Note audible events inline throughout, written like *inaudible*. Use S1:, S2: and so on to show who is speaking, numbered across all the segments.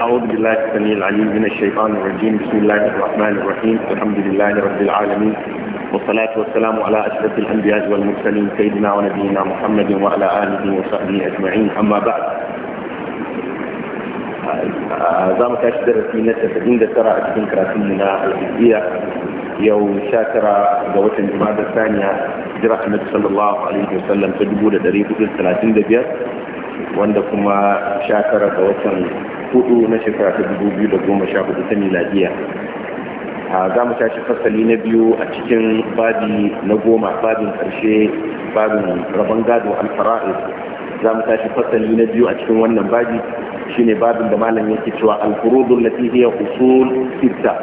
S1: أعوذ بالله السميع العليم من الشيطان الرجيم بسم الله الرحمن الرحيم الحمد لله رب العالمين والصلاة والسلام على أشرف الأنبياء والمرسلين سيدنا ونبينا محمد وعلى آله وصحبه أجمعين أما بعد زعما تشتر في نسبة عند ترى أتكن كراتمنا الحزبية يو شاكرا دوات الجماد الثانية جرى صلى الله عليه وسلم تدبور دريق الثلاثين دبيات وعندكم شاكرا دوات hudu na shekara ta dubu biyu da goma sha hudu ta miladiya za mu tashi fasali na biyu a cikin babi na goma babin karshe babin rabon gado alfara'is za mu tashi fasali na biyu a cikin wannan babi shine babin da malam yake cewa alfurudun lati hiya usul sitta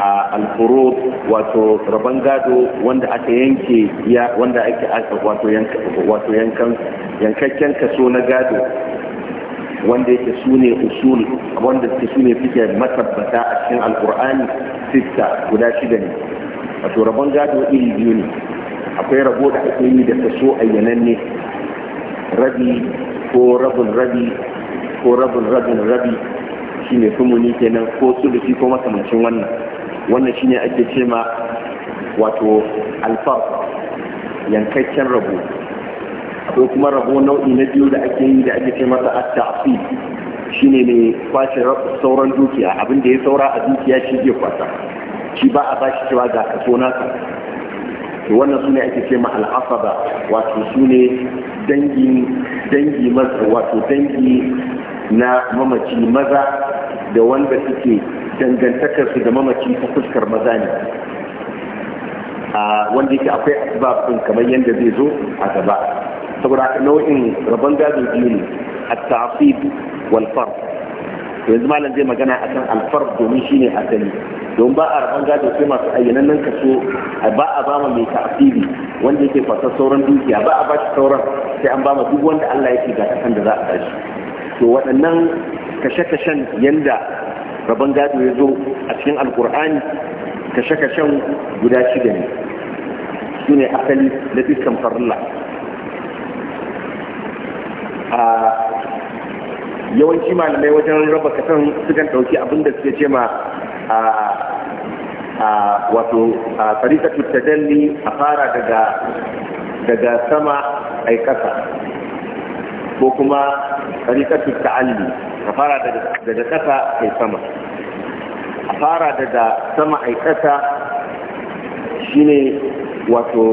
S1: a alfurud wato rabon gado wanda aka yanke ya wanda ake wato yankan yankakken kaso na gado wanda yake su ne usul wanda suke su ne matabbata a cikin alkur'ani sista guda shida ne wato rabon gado iri biyu ne akwai rabo da ake yi da kaso ayyananne rabi ko rabin rabi ko rabin rabin rabi shine sumuni kenan ko sulusi ko makamancin wannan wannan shine ake ce wato alfar yankakken rabo ko kuma rabo nau'i na biyu da ake yi da ake ce masa a tafi shi ne kwace sauran dukiya abin da ya saura a dukiya shi zai kwasa. shi ba a bashi cewa ga kaso naka to wannan ne ake ce ma al-asaba wato ne dangi dangi wato dangi na mamaci maza da wanda suke dangantakarsu da mamaci ta fuskar maza ne a wanda yake akwai ɗin kamar yadda zai zo a gaba saboda nau'in rabon gado biyu ne at-ta'sib wal yanzu malam zai magana akan alfar fard domin shine asali don ba a rabon gado sai masu ayyanan nan kaso ba a ba mai ta'sibi wanda yake fata sauran dukiya ba a ba shi sauran sai an ba ma duk wanda Allah yake ga kasan da za a to waɗannan kashe-kashen yanda rabon gado ya zo a cikin alkur'ani kashe-kashen guda shida ne su ne asali na dukkan farilla a yawanci malamai wajen raba kasan sukan ɗauki abin da suke ce ma a wato a tarikatu tadalli a fara daga daga sama ai kasa ko kuma tarikatu alli a fara daga kasa ai sama a fara daga sama ai kasa shine wato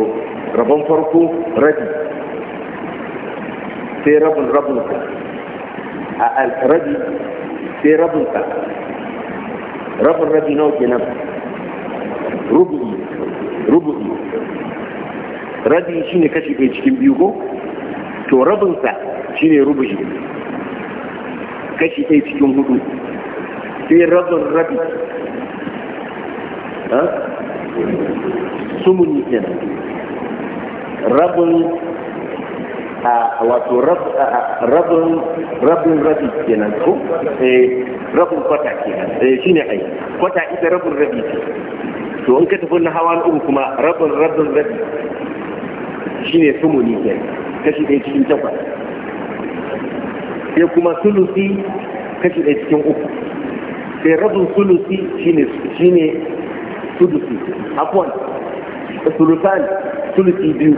S1: rabon farko rabi sai rabin rabinka a rabi sai rabinka rabin rabi nawa kenan rubu'i rubu'i rabi shine kashi ɗaya cikin biyu ko to rabinsa shine rubu'i kashi ɗaya cikin hudu sai rabin rabi sumuni kenan rabin a wato rabin rabin rabi kenan ko eh rabin kwata kenan eh shine ai kwata ita rabin rabi ce to in ka tafi na hawa uku kuma rabin rabin rabi shine sumuni kenan kashi ɗaya cikin takwas sai kuma sulusi kashi ɗaya cikin uku sai rabin sulusi shine shine sudusi afwan sulusan sulusi biyu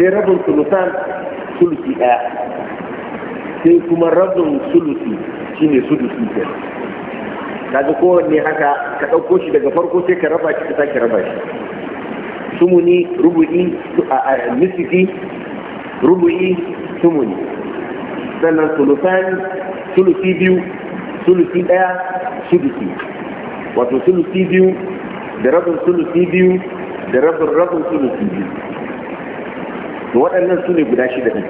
S1: sai rabin sulusan sulusi ɗaya sai kuma rabin sulusi shine sulusi ke kaga kowanne haka ka ɗauko shi daga farko sai ka raba shi ka sake raba shi sumuni rubu'i misiki rubu'i sumuni sannan sulusani sulusi biyu sulusi ɗaya sulusi wato sulusi biyu da rabin sulusi biyu da rabin rabin sulusi biyu to waɗannan su ne guda shi da ɗin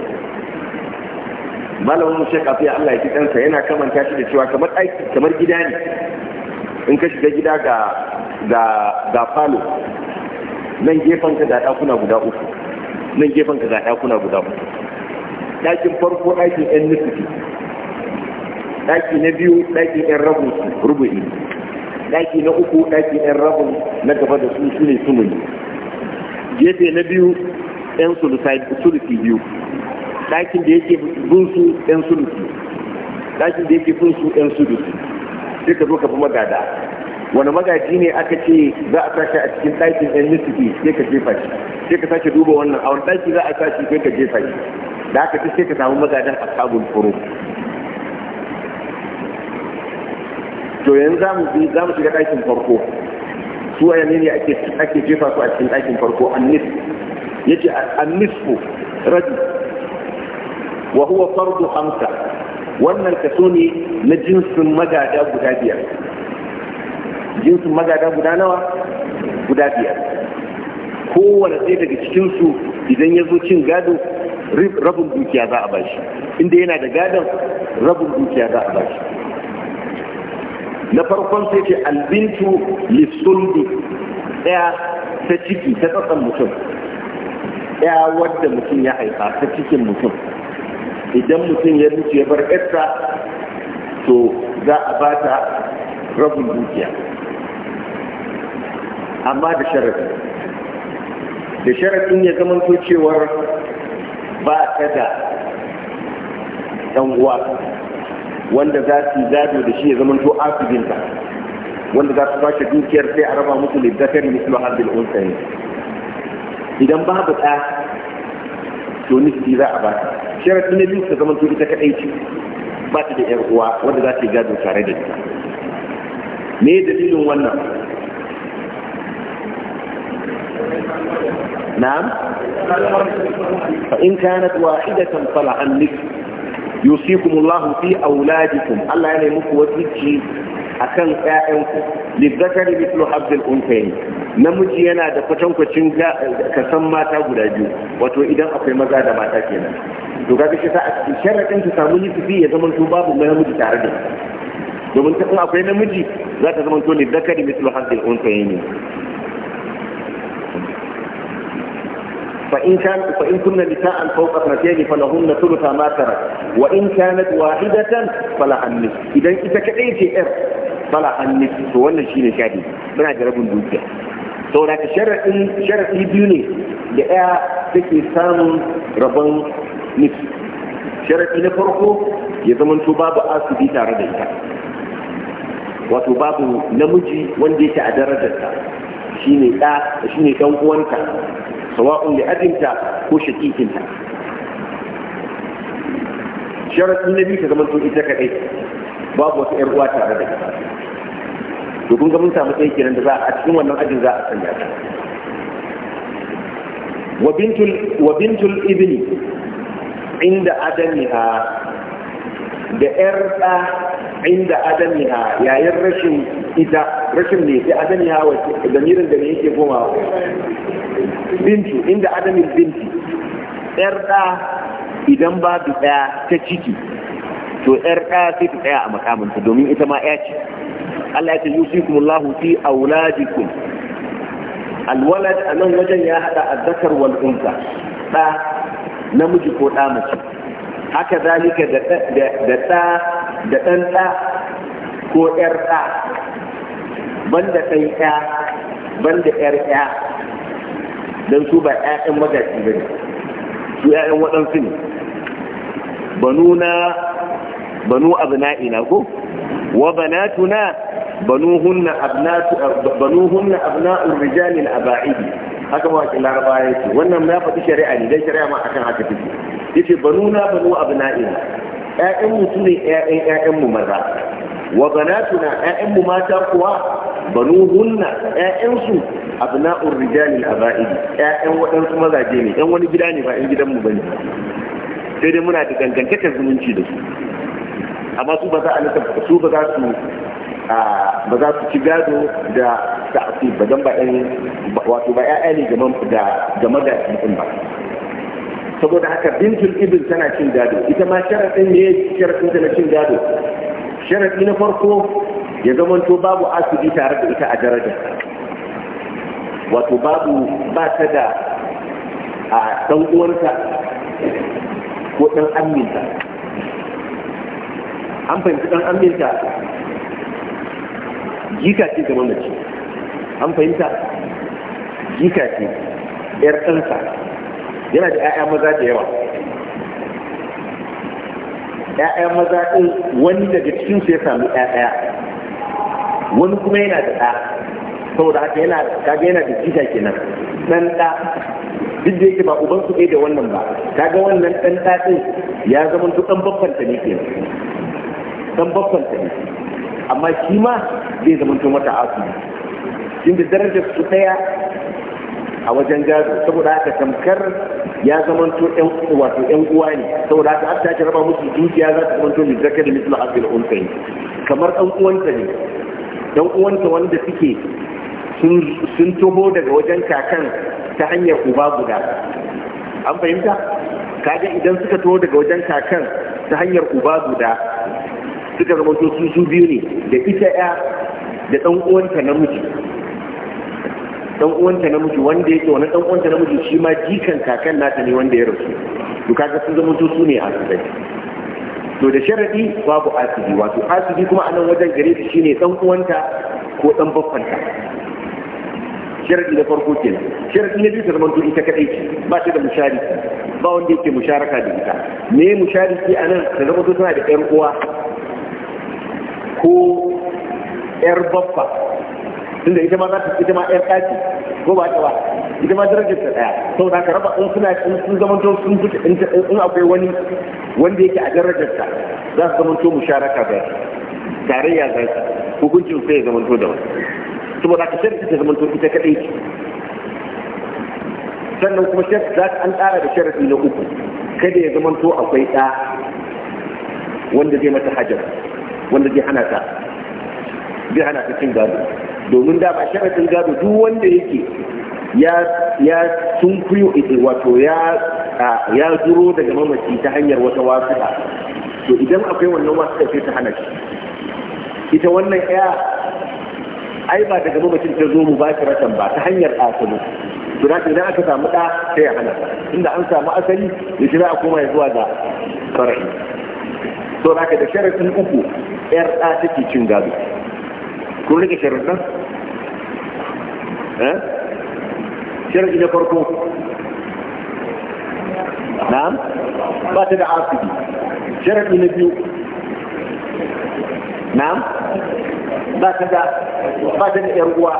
S1: malamin shek afiya allah ya fi ɗansa yana kamanta shi da cewa kamar aiki kamar gida ne in ka shiga gida ga ga ga falo nan gefen ka ga ɗakuna guda uku nan gefen ka ga ɗakuna guda uku ɗakin farko ɗakin yan nufi ɗaki na biyu ɗakin yan rabin rubu'i ɗaki na uku ɗakin yan rabin na gaba da su su ne sumuni gefe na biyu yan sulusi biyu ɗakin da yake bin yan sulusi ɗakin da yake bin su yan sulusi sai ka zo ka fi magada wani magaji ne aka ce za a sashi a cikin ɗakin yan nisiki sai ka jefa shi sai ka sake duba wannan a wani ɗaki za a sashi sai ka jefa shi da aka ce sai ka samu magadan a sabon furu to yanzu za mu shiga ɗakin farko su a waye ne ake ake jefa su a cikin ɗakin farko an annis yace an-nisfu rabi wa huwa fardu hamsa wannan kaso ne na jinsin magada guda biyar jinsin magada guda nawa guda biyar kowane ɗaya daga cikinsu idan ya zo cin gado rabin dukiya za a bashi inda yana da gadon rabin dukiya za a bashi na farkon sai ce albintu lissulbi ɗaya ta ciki ta tsatsan mutum ya wadda mutum ya haifa ta cikin mutum idan mutum ya mutu ya bar yarsa to za a ba ta rabin dukiya amma da sharafi da sharafin ya zama cewar ba ta da ɗan uwa wanda za su gado da shi ya zama to afibinta wanda za su ba shi dukiyar sai a raba musu littattafin mislu hadil unsayi idan babu ɗa to nufi za a ba ta sharaɗi na biyu ta zama to ita kaɗai ce ba ta da ƴar uwa wanda za ta yi gado tare da ita me dalilin wannan na'am fa in kanat wahidatan fala an nufi yusikum Allah fi auladikum Allah ya nemi ku wasiki akan ƴaƴanku lizzakari mithlu habdil unsayi namiji yana da kwatankwacin san mata guda biyu wato idan akwai maza da mata kenan to kaga shi sa a sharadin ta samu nufi ya zama to babu namiji tare da domin ta akwai namiji za ta zama to lizzakari mithlu habdil unsayi فإن كان فإن كن نساء فوق اثنتين فلهن ثلث ما ترك وإن كانت واحدة فلها النصف إذا إذا كأيتي إر فلها النصف وأنا شيء شادي بنا جرب ندوك saboda ka sharaɗi sharaɗi biyu ne da ɗaya take samun rabon nufi sharaɗi na farko ya zamanto babu asibiti tare da ita wato babu namiji wanda yake a darajarta shine shine uwanta sawa'un li abinta ko shakikinta sharaɗin na biyu ta zama to ita kaɗai babu wata ‘yar uwa tare da ita to kun ga mun samu ɗaya kenan da za a cikin wannan ajin za a sanya ta wa bintul wa bintul ibni inda adamiha da ‘yar ɗa inda adamiha yayin rashin ita rashin ne sai adami ya wace damirin da ne yake komawa bintu inda adamin binti yar da idan babu daya ta ciki to yar da sai ta tsaya a makaminta domin ita ma ya ce Allah ya ce yusikumullahu fi auladikum alwalad a nan wajen ya hada azzakar wal unsa da namiji ko da mace haka zalika da da da ɗan ɗa ko yar ɗa banda ɗan ƴa banda ƴar ƴa don su ba ƴaƴan magaji ba ne su ƴaƴan waɗansu ne banu na banu abna'ina ko wa banatuna banuhunna abnatu banuhunna abna'ur rijali al-aba'idi haka ma wakil laraba ya ce wannan ya faɗi shari'a ne dai shari'a ma akan haka take yace banuna banu abna'ina ƴaƴan mu su ne ƴaƴan ƴaƴan mu maza wa banatuna ƴaƴanmu mata kuwa banuhunna ƴaƴansu abna'ur rijalil aba'id ƴaƴan waɗansu mazaje ne ƴan wani gida ne ba ƴan gidanmu bane sai dai muna da dangantakar zumunci da su amma su ba za a su ba za su ba ci gado da ta'asib ba dan ba wato ba 'ya'ya ne ga game da mutum ba saboda haka bintul ibn tana cin gado ita ma sharaɗin ne sharaɗin ta na cin gado sharaɗi na farko ya to babu asibi tare da ita a daraja wato babu ba ta da a ɗan ko ɗan aminta an fahimci ɗan aminta jika ce ga mamaci an fahimta jika ce ‘yar ɗansa yana da ‘ya'ya maza da yawa 'ya'ya maza ɗin wani daga cikin su ya samu 'ya'ya wani kuma yana da ɗa saboda haka yana kaga yana da jita kenan ɗan ɗa duk da yake ba uban su da wannan ba kaga wannan ɗan ɗa ɗin ya zama duk ɗan baffanta ne kenan ɗan baffanta ne amma shi ma zai zama to mata asu inda darajar su ɗaya a wajen gado saboda haka tamkar ya zamanto yan wato yan uwa ne saboda haka an tashi raba musu dukiya za ta zamanto mai zaka da misal unsa ne kamar ɗan uwanta ne ɗan uwanta wanda suke sun taho daga wajen kakan ta hanyar uba guda an fahimta kaga idan suka taho daga wajen kakan ta hanyar uba guda suka zamanto su su biyu ne da ita ya da ɗan uwanta namiji dan uwanta namiji wanda yake wani dan uwanta namiji shi ma jikan kakan nata ne wanda ya rasu to kaga sun zama su ne asibai to da sharadi babu asibi wato asibi kuma anan wajen gare shi shine dan uwanta ko dan baffanta sharadi na farko kenan sharadi na biyu ta zama to ita kadai ce ba ta da mushariki ba wanda yake musharaka da ita me mushariki anan ta zama to tana da 'yar uwa ko yar baffa tunda ita ma za ta ita ma yar ɗaki ko ba ta ba ita ma darajar ta ɗaya saboda haka raba in suna in sun zamanto sun fita in akwai wani wanda yake a darajar ta za su zamanto musharaka da tarayya za su hukuncin sai ya zamanto da wani saboda haka sharadi ta zamanto ita kaɗai ce sannan kuma sharadi za ta an tsara da sharadi na uku kada ya zamanto akwai ɗa wanda zai mata hajar wanda zai hana ta zai hana ta cin gado domin da ba sharaɗin gado duk wanda yake ya sun kuyo wato ya zuro daga mamaci ta hanyar wata wasuɗa to idan akwai wannan wasu sai ta hana shi ita wannan ya ai ba daga mamacin ta zo mu ba shi ratan ba ta hanyar asali to da idan aka samu ɗa sai ya hana inda an samu asali ya shi za a koma ya zuwa ga fara'i to da da sharafin uku yar ta take cin gado kun rike sharuɗan eh shirin ina farko na'am ba ta da asibi shirin ina biyu na'am ba ta da ba ta da ƴan uwa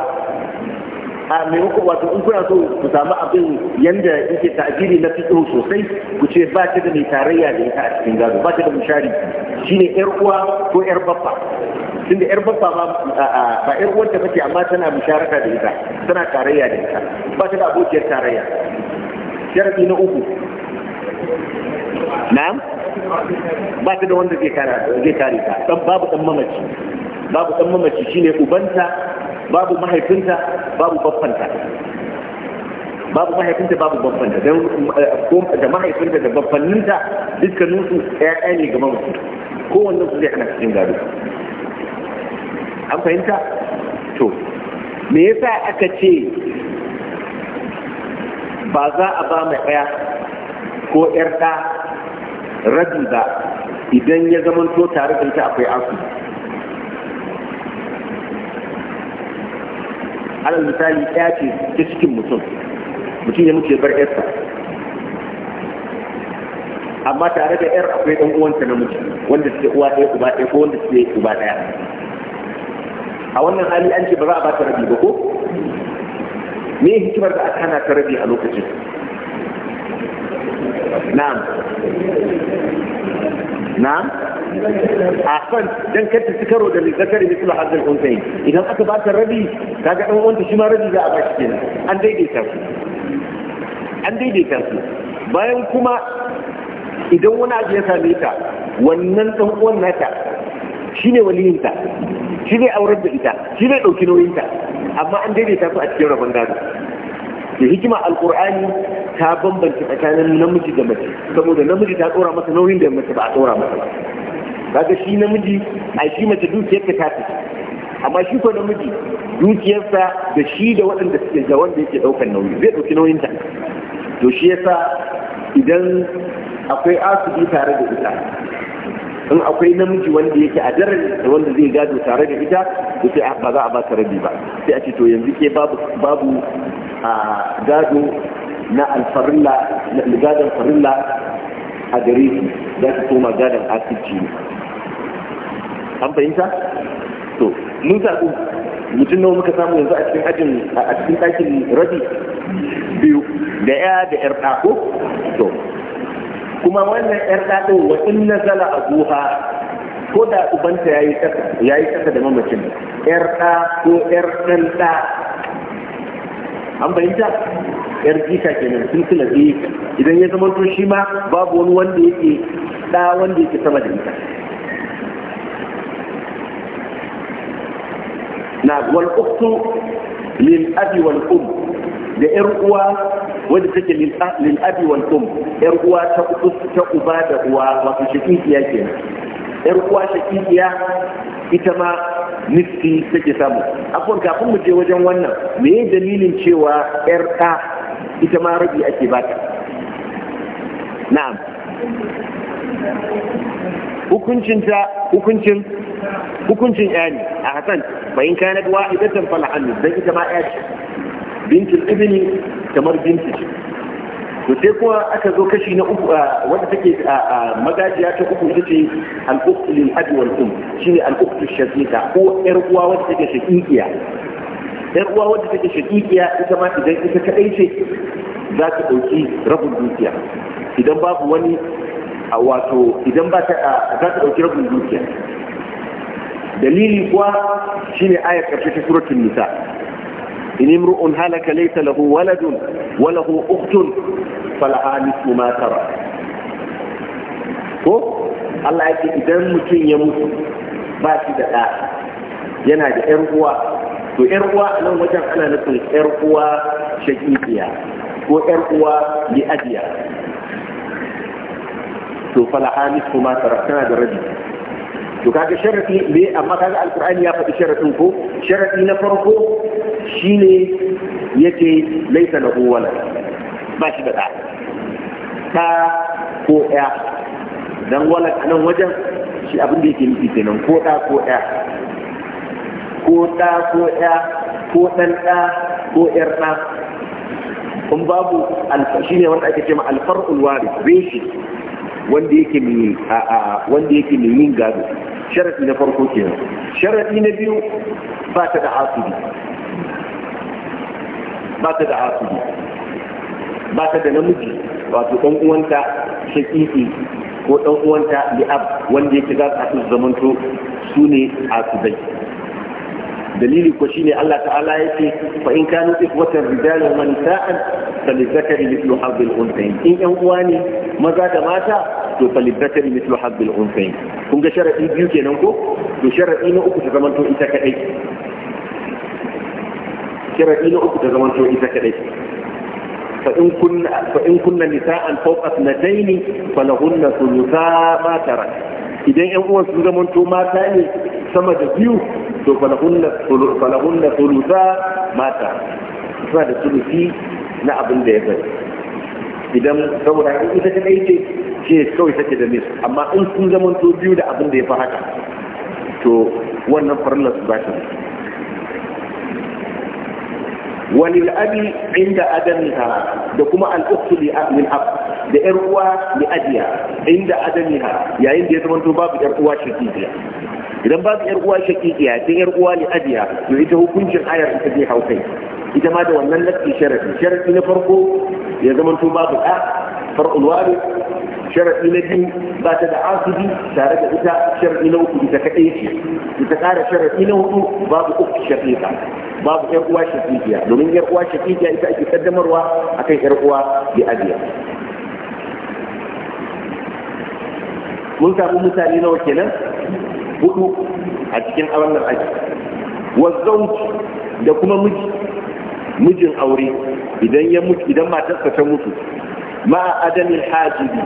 S1: a maimakon wato in kuna so ku samu abin yanda yake ta'abiri na fito sosai ku ce ba ta da mai tarayya da ita a cikin gado ba ta da mushari shine yar uwa ko yar baffa da yar baffa ba ba yar ta bace amma tana musharaka da ita tana tarayya da ita ba ta da abokiyar tarayya sharadi na uku na'am ba ta da wanda zai kare ta babu dan mamaci babu dan mamaci shine ubanta babu mahaifinta babu babbanta babu mahaifinta babu babbanta eh, da mahaifinta da babbanninta dukkanin su ƴaƴa ne ga ko wannan su zai ana cikin gado an fahimta to me yasa aka ce ba za a ba mai ɗaya ko ƴar ɗa rabi ba idan ya zamanto tare da ita akwai asu alal misali ɗaya ce ta cikin mutum mutum ya mutu ya bar yarsa amma tare da yar akwai ɗan uwanta na mutu wanda suke uwa ɗaya uba ɗaya ko wanda suke uba ɗaya a wannan hali an ce ba za a ba ta rabi ba ko me hikimar da aka hana ta rabi a lokacin na'am na a kan dan kanta ta ci karo da zakari mislu hazzal unsayin idan aka ba ta rabi kaga dan uwanta shi ma rabi za a ba shi kenan an daidaita su an daidaita su bayan kuma idan wani abu ya same ta wannan dan uwan nata shine waliyinta shi ne aurar da ita shine ne dauki nauyinta amma an daidaita su a cikin rabon gado da hikima alkur'ani ta bambanta tsakanin namiji da mace saboda namiji ta tsora masa nauyin da mace ba a tsora masa ba. ga shi namiji a shi mace dukiyarta ta fi amma shi ko namiji dukiyarsa da shi da waɗanda suke da wanda yake ɗaukar nauyi zai ɗauki nauyin ta to shi yasa idan akwai asibi tare da ita in akwai namiji wanda yake a jarar da wanda zai gado tare da ita to sai ba za a ba ta rabi ba sai a ce to yanzu ke babu gado na alfarilla na gadon farilla a gare su za su koma gadon asibiti ne an fahimta to mun zaɓi mutum nawa muka samu yanzu a cikin ajin a cikin ɗakin rabi biyu da ya da yar ɗako to kuma wannan yar ɗako wa in nazala a guha ko da ubanta ya yi ƙasa da mamacin yar ɗa ko yar ɗan ɗa an fahimta yar jika kenan sun kula idan ya zama to shi ma babu wani wanda yake da wanda yake sama da ita na wal uktu lil abi wal um da yar uwa wanda take lil abi wal um yar uwa ta ta uba da uwa wato shakikiya kenan yar uwa shakikiya ita ma nufi take samu akwai kafin mu je wajen wannan me ya dalilin cewa yar ɗa ita ma rabi ake bata na'am Hukuncin ta hukuncin hukuncin ya ne a hasan bayan kanat wa'idatan fala hannu dan ita ma ya ce Bintu ibni kamar bintu ce to sai kuma aka zo kashi na uku a wanda take magajiya ta uku ita ce al-ukht lil wal um shine al uqtul shaqiqa ko yar uwa wanda take shaqiqiya yar uwa wanda take shaqiqiya ita ma idan ita kadai ce za ta dauki rabin dukiya idan babu wani a wato idan ba ta za ta dauki rabin dukiya dalili kuwa shine ayat karshe ta suratul nisa in imru'un halaka laysa lahu waladun wa lahu ukhtun falaha nisfu ma tara ko Allah yake idan mutum ya mutu ba shi da ɗa yana da ƴar uwa to ƴar uwa a nan wajen ana nufin ƴar uwa shaqiqiya ko ƴar uwa li'adiya to falaha nisfu ma tara tana da rabi to kaga sharafi ne amma kaga alqur'ani ya faɗi sharafin ko sharafi na farko shine yake laisa lahu wala ba shi da ɗa ɗa ko ɗaya dan wala a nan wajen shi abin da yake nufi kenan ko ɗa ko ɗaya ko ɗa ko ɗaya ko ɗan ɗa ko ƴar ɗa kun babu shi ne wanda ake ce ma alfar'ul wari reshi wanda yake mai wanda yake yin gado sharadi na farko kenan sharadi na biyu ba ta da hasudi ba ta da hasudi ba ta da namiji wato ɗan uwanta shaqiqi ko ɗan uwanta li'ab wanda yake za su zamanto su ne hasudai dalili ko shine Allah ta'ala yake fa in kanu ikwatan rijalan wa nisa'an falizakari mithlu hadhil unthayn in yan uwa ne maza da mata to falibbatari mislu habbil unsayn kun ga sharadi biyu kenan ko to sharadi na uku ta to ita kadai sharadi na uku ta to ita kadai fa in kunna fa in kunna nisa'an fawqa thnatayn falahunna thuluthu ma tarak idan ƴan uwan sun to mata ne sama da biyu to falahunna falahunna ma mata suna da thuluthi na abin da ya bari idan saboda ita kadai ce ce kawai take da mis amma in sun zama to biyu da abin da ya fi haka to wannan farilla su ba ta wani abi inda adamiha da kuma al-ukhtu li min ab da yar uwa li adiya inda adamiha yayin da ya zama to babu yar uwa shakiya idan babu yar uwa ya, sai yar uwa li adiya to ita hukuncin ayar ita zai hau kai ita ma da wannan lafi sharadi sharadi na farko ya zama to babu a far'ul sharaɗi na biyu ba ta da asibi tare da ita sharaɗi na uku ita kaɗai ce ita ƙara sharaɗi na hudu babu uku shafiƙa babu ƴar uwa shafiƙiya domin ƴar uwa shafiƙiya ita ake kaddamarwa akan ƴar uwa bi ajiya. mun samu mutane nawa kenan hudu a cikin wannan aji wazzauci da kuma miji mijin aure idan ya mutu idan matarsa ta mutu ma adamin hajibi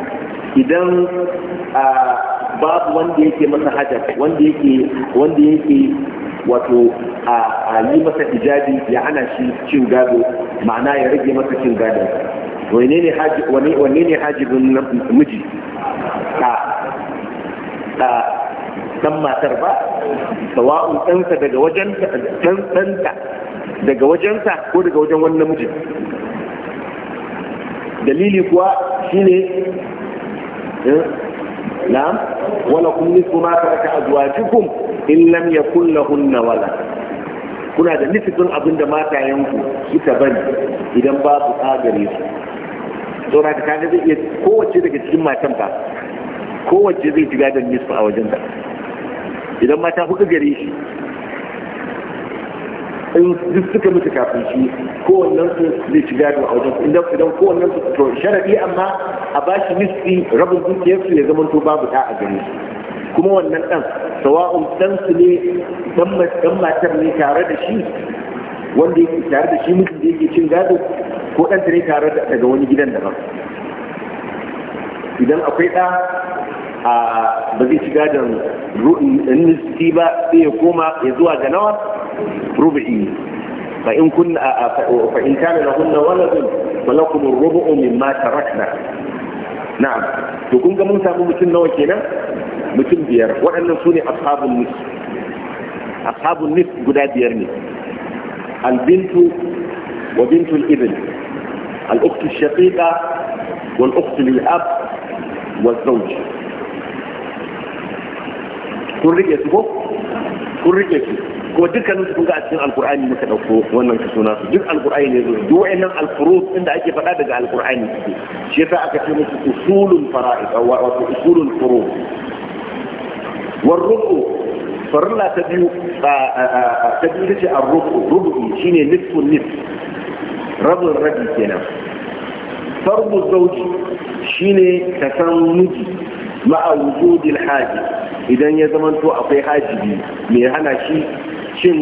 S1: idan babu wanda yake masa hajar wanda yake wanda yake wato a yi masa hijabi ya ana shi cin gado ma'ana ya rage masa cin gado wane ne hajibin miji ta dan matar ba sawa'un ɗansa daga wajen ɗanta daga wajensa ko daga wajen wani namijin dalili kuwa shine Eh? na'am wala kun nisfu ma taraka azwajukum in lam yakul lahunna wala kuna da nisfin abin da matayenku suka bari idan babu tsagare zai iya kowace daga cikin matan ba kowace zai shiga da nisfu a wajenta idan mata hudu gare shi in duk suka mutu kafin shi ko wannan su zai ci gado a wajen idan idan wannan su to sharadi amma a bashi nisfi rabin dukiyar su ya zama to babu ta a gare shi kuma wannan dan sawa'un dan su ne dan matar ne tare da shi wanda yake tare da shi mutum da yake cin gado ko dan ne tare da daga wani gidan daban idan akwai da, a ba zai ci gadon nisfi ba sai ya koma ya zuwa ga nawa rubu'i fa in kun fa in kana lahunna waladun falakum ar-rubu'u mimma tarakna na'am to kun ga mun mutum nawa kenan mutum biyar waɗannan su ne ashabun nis ashabun nis guda biyar ne albintu wa bintul ibn al wa kun su ko kun su ko dukkanin su ga a cikin alkur'ani muka dauko wannan su suna su duk alkur'ani ne zo duk wayannan alfurut din da ake faɗa daga alkur'ani suke shi yasa aka ce musu usulun fara'id wato usulun furu warruku farilla ta biyu ta biyu ta ce arruku rubu shine nisfun nisf rabin rabi kenan farbu zauji shine ka san miji ma'a wujudil haji idan ya zamanto akwai hajibi mai hana shi cin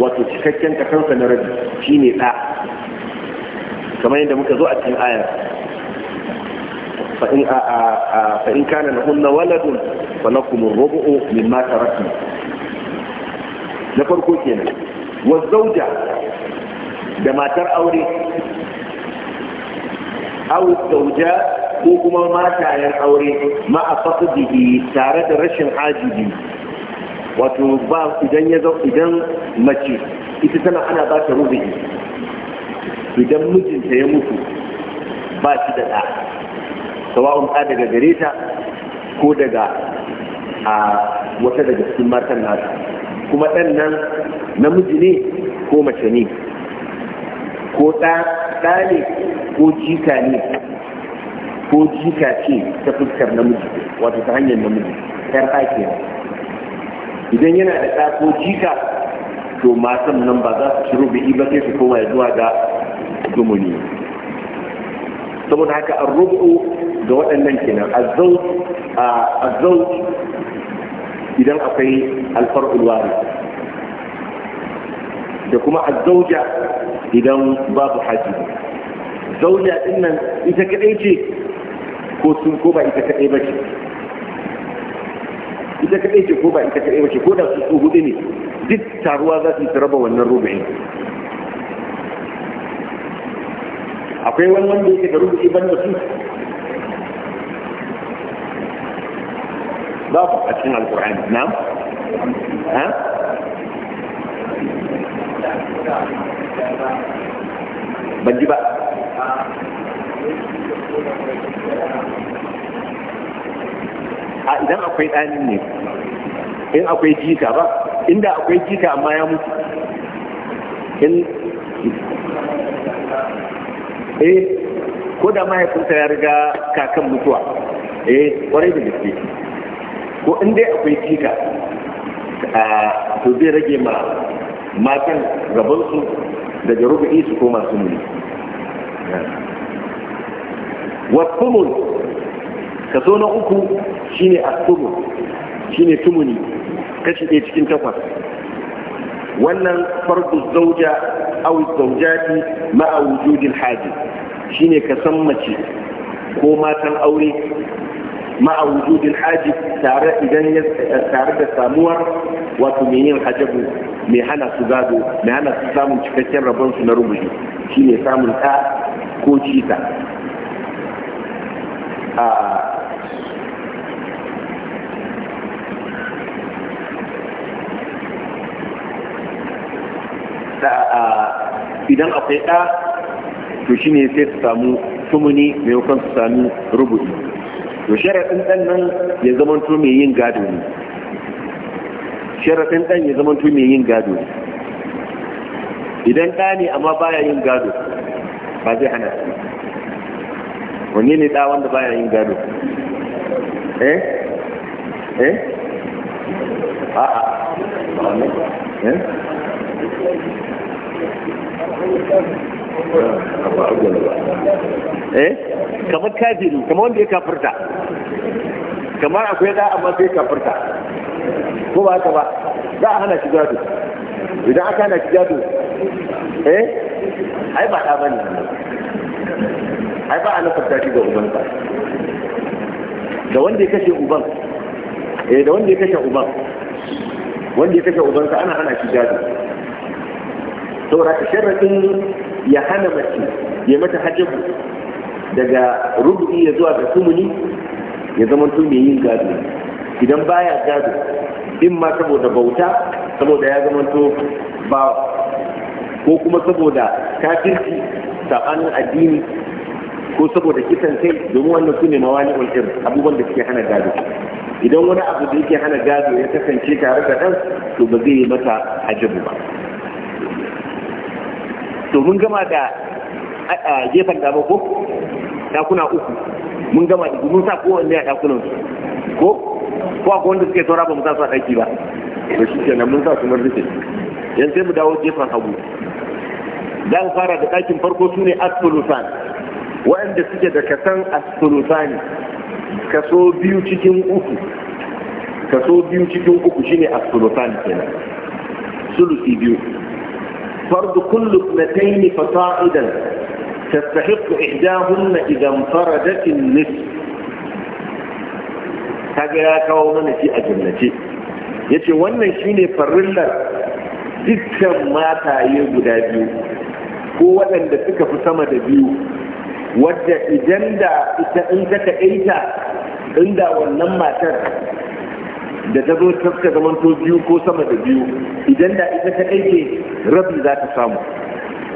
S1: wato cikakken kasansa na rabi shine ɗa kamar yadda muka zo a cikin ayar fa'in kana na hunna waladun falakum rubu'u mata tarakna na farko kenan wa zauja da matar aure aw zauja ko kuma matayar aure ma'a fasdihi tare da rashin ajibi wato ba idan ya zo idan mace ita tana ana ba ta idan mijinta ya mutu ba shi da ɗa sawa'un ɗa daga gare ta ko daga a wata daga cikin matan nasa kuma ɗan nan namiji ne ko mace ne ko ɗa ne ko jika ne ko jika ce ta fuskar namiji wato ta hanyar namiji 'yar ake kenan idan yana da ɗa ko jika to matan nan ba za su shiru bi'i ba sai su koma zuwa ga dumuni saboda haka an rubu ga waɗannan kenan zau idan akwai alfar ulwari da kuma azzauja idan babu haji zauja ɗin nan ita kaɗai ce ko sun ko ba ita kaɗai ba ce ita kaɗai ce ko ba ita kaɗai ba ce ko da su su hudu ne duk taruwa za su yi raba wannan rubu'in akwai wani wanda yake da rubu'i ban da su ba ku a cikin alkur'ani na ha ban ji ba a idan akwai ɗanin ne in akwai jika ba inda akwai jika amma ya mutu in eh ko da mahaifinsa ya riga kakan mutuwa eh kwarai da gaske ko in dai akwai jika a to zai rage ma matan gabansu daga rubu'i su koma su muni wa kaso na uku shine asubu shine tumuni kashi ɗaya cikin takwas wannan fardu zauja aw zaujati ma'a wujudil haji shine ka san mace ko matan aure ma'a wujudin haji tare idan ya tare da samuwar wato hajabu mai hana su gado mai hana su samun cikakken rabon su na rubuci shine samun ta ko cita idan akwai ɗa to shi ne sai su samu sumuni maimakon su sami rubutu to sharaɗin ɗan nan ya to mai yin gado ne sharaɗin ɗan ya to mai yin gado ne idan ɗa ne amma baya yin gado ba zai hana su wani ne da wanda baya yin gado eh eh a a eh? eh kamar kajiri kamar wanda ya kafirta kamar akwai da amma sai kafirta ko ba haka ba za a hana shi gado idan aka hana shi gado eh ai ba ta bane ai ba a nasarta shi ga ubansa da wanda ya kashe uban eh da wanda ya kashe uban wanda ya kashe ubansa ana hana shi gado to ra sharaɗin ya hana mace ya mata hajjabu daga rubu'i ya zuwa ga sumuni ya zama tun mai yin gado idan baya gado in ma saboda bauta saboda ya zama to ba ko kuma saboda kafirci sabanin addini ko saboda kisan kai domin wannan su ne mawani ulkir abubuwan da suke hana gado idan wani abu da yake hana gado ya kasance tare da ɗan to ba zai yi mata hajjabu ba to mun gama da gefen dama ko ɗakuna uku mun gama da mun sa kowanne a ɗakunan su ko ko akwai wanda suke saura ba mu sa su a ɗaki ba to shi kenan mun sa su mun rufe yanzu sai mu dawo gefen hagu za mu fara da ɗakin farko su ne waɗanda suke da kasan asulutani kaso biyu cikin uku kaso biyu cikin uku shine asulutani kenan sulusi biyu فرض كل اثنتين فصاعدا تستحق idan إذا datin النصف kaga ya kawo mana shi a jannace ya ce wannan shine farillar dukkan mataye guda biyu ko waɗanda suka fi sama da biyu wadda idan da ita in ka taƙaita inda wannan matar da ta zo ta zaman to biyu ko sama da biyu idan da ita ta aike rabi za ta samu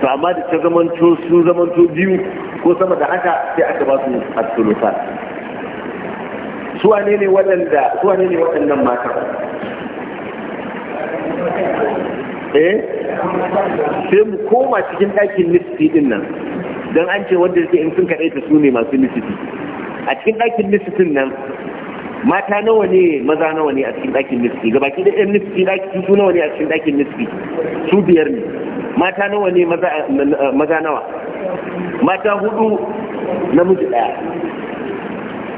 S1: to amma da ta zaman to su zaman to biyu ko sama da haka sai aka ba su absoluta su wane ne waɗanda su ne waɗannan mata eh sai mu koma cikin ɗakin nisfi din nan don an ce wanda yake in sun kaɗai ta su ne masu lissafi a cikin ɗakin lissafin nan mata nawa ne maza nawa ne a cikin ɗakin lissafi ga baki da ɗan ɗaki su nawa ne a cikin ɗakin lissafi su biyar ne mata nawa ne maza nawa mata hudu namiji ɗaya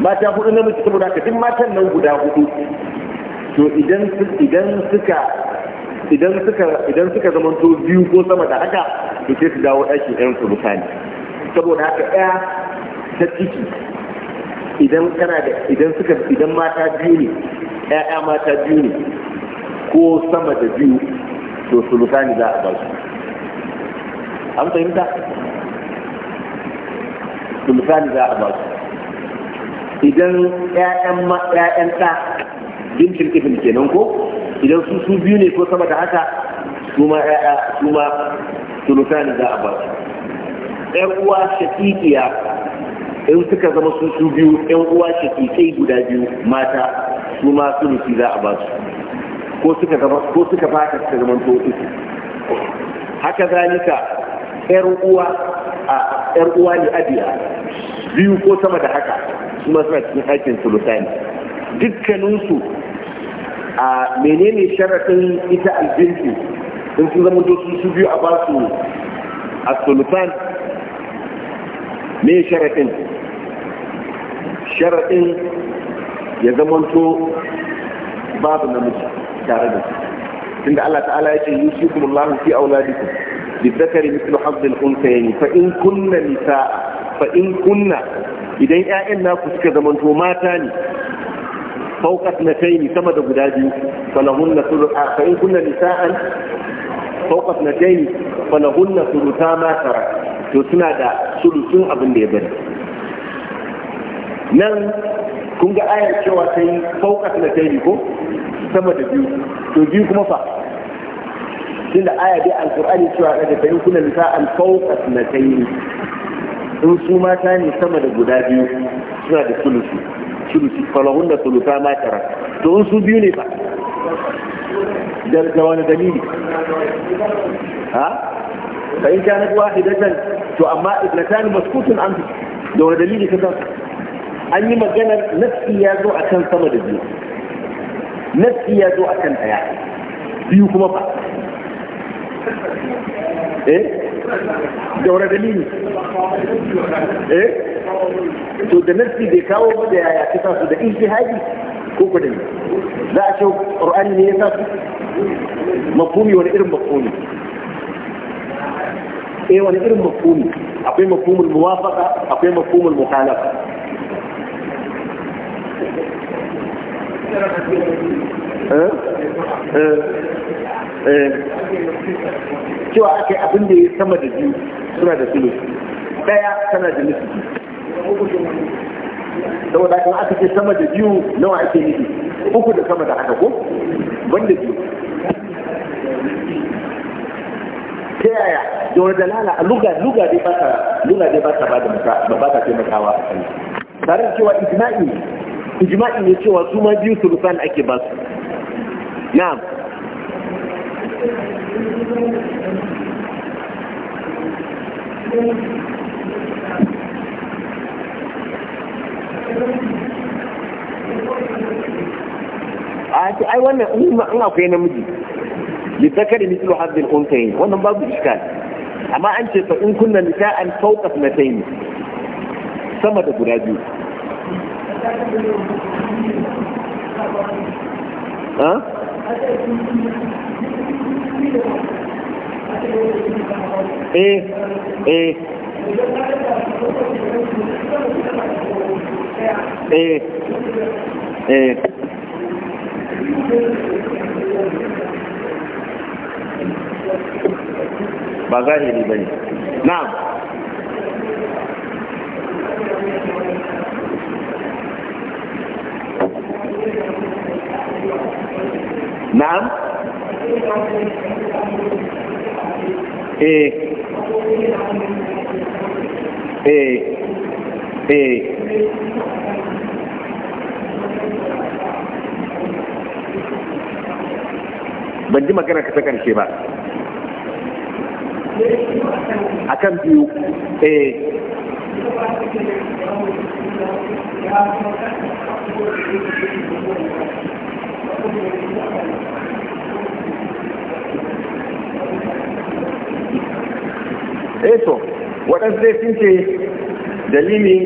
S1: mata hudu namiji saboda haka duk matan nan guda hudu to idan idan suka idan suka idan suka biyu ko sama da haka to sai su dawo ɗakin ɗan su saboda haka ɗaya ta ciki idan kana da idan suka idan mata biyu ne ɗaya mata biyu ne ko sama da biyu to ne za a ba su an fahimta ne za a ba su idan ƴaƴan ƴaƴan ta bintin ibn kenan ko idan su su biyu ne ko sama da haka su ma ƴaƴa su ma ne za a ba su ɗan uwa shakikiya in suka zama su su biyu ɗan uwa shakikai guda biyu mata su ma nufi za a ba su ko suka zama ko suka fata suka zama to uku haka zalika ɗan uwa a ɗan uwa ne abiya biyu ko sama da haka su ma suna cikin aikin sulusani dukkaninsu a menene sharafin ita albinti in sun zama to su biyu a ba su a sulusan من شرط شرط يزمنت باب النمج دارنا عند الله تعالى يوصيكم الله في أولادكم بالذكر مثل حظ الأنثيين فإن كن نساء فإن كن إذا أئنا فسك زمنت ما تاني فوق اثنتين ثمد بدادي فلهن ثلثا فإن كن نساء فوق اثنتين فلهن ثلثا ما ترك to suna da sulusun abin da ya bari nan kun ga ayar cewa ta yi fauka na tayi ko sama da biyu to biyu kuma fa tunda aya dai alqur'ani cewa da tayi kuna nisa an fauka na tayi in su mata ne sama da guda biyu suna da sulusu sulusu falahun da sulusa ma to in su biyu ne fa da wani dalili ha فإن كانت واحدة فأما ابنتان مسكوت عنه دون دليل كتاب أني مجانا نفسي يازو أكن صمد الدين نفسي يازو أكن أيا بيو كما فا إيه دون دليل إيه to ده نفسي دي كاو ba da كتاب kisa su da ijtihadi ko دليل za a ce qur'ani ne ya sa su mafhumi ايه وانا ايه المفهوم اقوي مفهوم الموافقة اقوي مفهوم المخالفة ها اه؟ ها ايه اه. شو اكي كما دي كما دي سلوش بايا كما دي مسجي dawa da kuma aka ce sama da biyu nawa ake yi uku da sama da haka ko wanda biyu ta yaya da wani dalala a luga luga dai bata luga dai bata ta ba da ba ba taimakawa a kai tare da cewa ijma'i ijma'i ne cewa su ma biyu sulusan ake ba su na'am a ce ai wannan in akwai namiji litakari mislu hazzil unsayin wannan babu iskal amma an ce fa in kunna nisa'an fawqa thnatayn sama da guda biyu ba zahiri ba ne na na eh eh eh ban ji magana ka ta karshe ba akan biyu eh eto eh, waɗansu zai sun ce dalili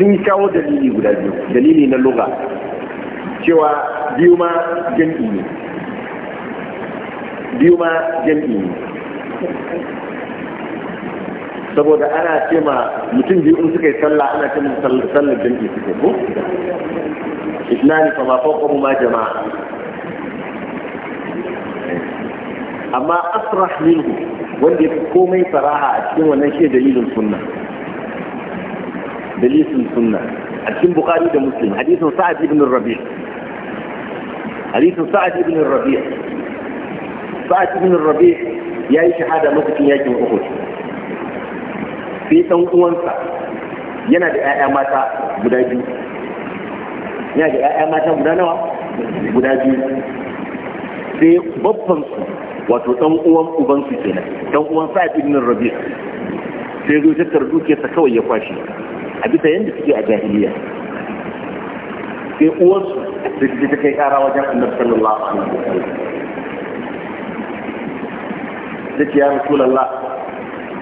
S1: sun kawo dalili guda biyu dalili na luga cewa biyu ma jam'i ne biyu ma jam'i ne saboda ana ce ma mutum biyu in suka yi sallah ana ce musu sallar jam'i suke ko isnani fa ma fawqa ma jama'a amma asrah minhu wanda yake komai faraha a cikin wannan shi dalilin sunna dalilin sunna a cikin bukhari da muslim hadisin sa'ad ibn rabi' hadisin sa'ad ibn rabi' sa'ad ibn rabi' yayi shahada lokacin yakin uhud sai ɗan uwansa yana da ƴaƴa mata guda biyu yana da ƴaƴa mata guda nawa guda biyu sai babban su wato ɗan uwan ubansu kenan ɗan uwan sa'id ibn rabi' sai zo tattara dukiyarsa kawai ya kwashe a bisa yadda suke a jahiliya sai uwansu da ta kai kara wajen annabi sallallahu alaihi wasallam sai ya rasulullah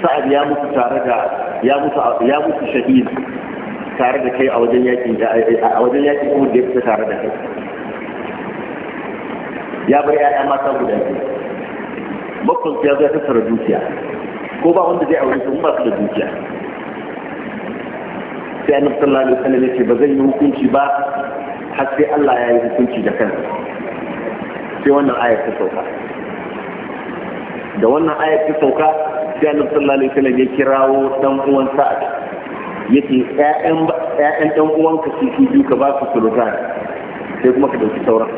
S1: sa'ad ya mutu tare da ya mutu ya mutu shahid tare da kai a wajen yakin a wajen yakin Uhud da ya tare da kai ya bar ya'ya mata guda biyu bakkon ya zo ya tattara dukiya ko ba wanda zai aure su ba su da dukiya sai annabi sallallahu alaihi wasallam ya ce ba zan yi hukunci ba har sai Allah ya yi hukunci da kansa sai wannan ayar ta sauka da wannan ayar ta sauka annabi sallallahu alaihi wasallam ya kirawo dan uwan sa'ad yace ƴaƴan ƴaƴan dan uwanka su su biyu ka ba su sulutan sai kuma ka dauki sauran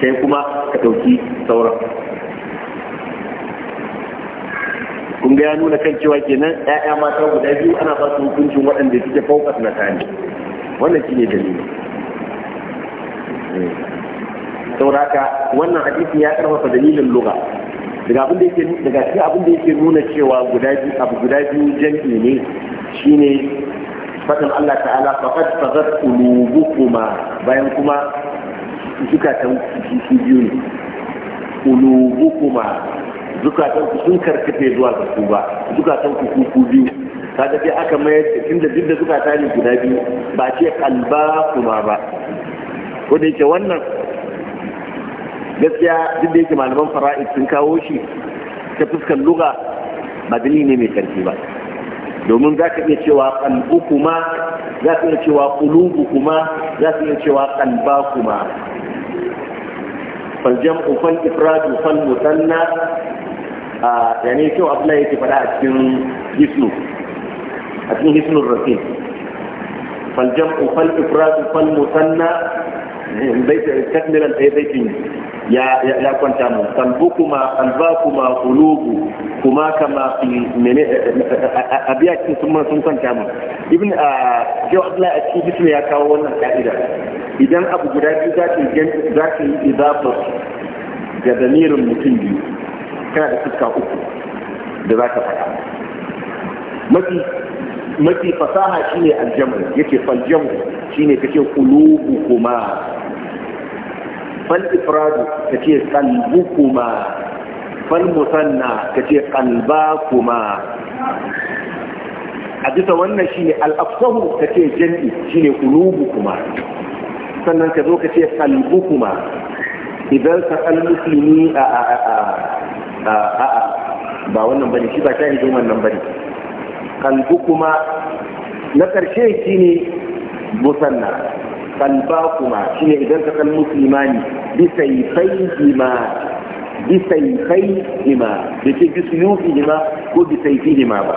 S1: sai kuma ka dauki sauran kun ga ya nuna kan cewa kenan ƴaƴa mata guda biyu ana ba su hukuncin waɗanda suke faukas na tani wannan shine dalili eh. saboda haka wannan hadisi ya karfafa dalilin lugha daga abin da yake daga cikin abin da yake nuna cewa guda biyu abu guda biyu jami'i ne shine fadin Allah ta'ala faqad faqad qulubukuma bayan kuma zukatan su biyu ne qulubukuma zukatan ku sun karkace zuwa ga su ba zukatan ku ku biyu kaga sai aka mayar da tunda duk da zukata ne guda biyu ba ce kalba kuma ba ko da yake wannan gaskiya duk da yake malaman fara'id sun kawo shi ta fuskar lugha ba dalili ne mai karfi ba domin za ka iya cewa kalbu kuma za ka iya cewa kulubu kuma za ka iya cewa kalba kuma faljam ufan ifradu fal Mutanna, a yani kyau abdullahi yake faɗa a cikin hisnu a cikin hisnun rafin faljam ufan ifradu fal Mutanna. takmilan ɗaya baitin ya kwanta mu kalbukuma albakuma qulubu kuma kama fi mene abiya cikin sun sun kwanta mu ibn a yau Allah a cikin bisu ya kawo wannan ka'ida idan abu guda biyu za ki za ki idafa ga damirin mutum biyu kana da fuska uku da za ka faɗa mafi mafi fasaha shine aljamu yake faljamu shine kace qulubu kuma fal ifradu kace qalbu kuma fal musanna kace qalba kuma a bisa wannan shine al-afsahu kace jami'i shine qulubu kuma sannan ka zo kace qalbu kuma idan ka al-muslimi a a a a ba wannan bane shi ba ta hidiman nan bane kalbu kuma na ƙarshe ne musanna kalba kuma shi ne idan ka kalli musulmani bisa ma bisaifai ma da ke bisuyufi ma ko yi ma ba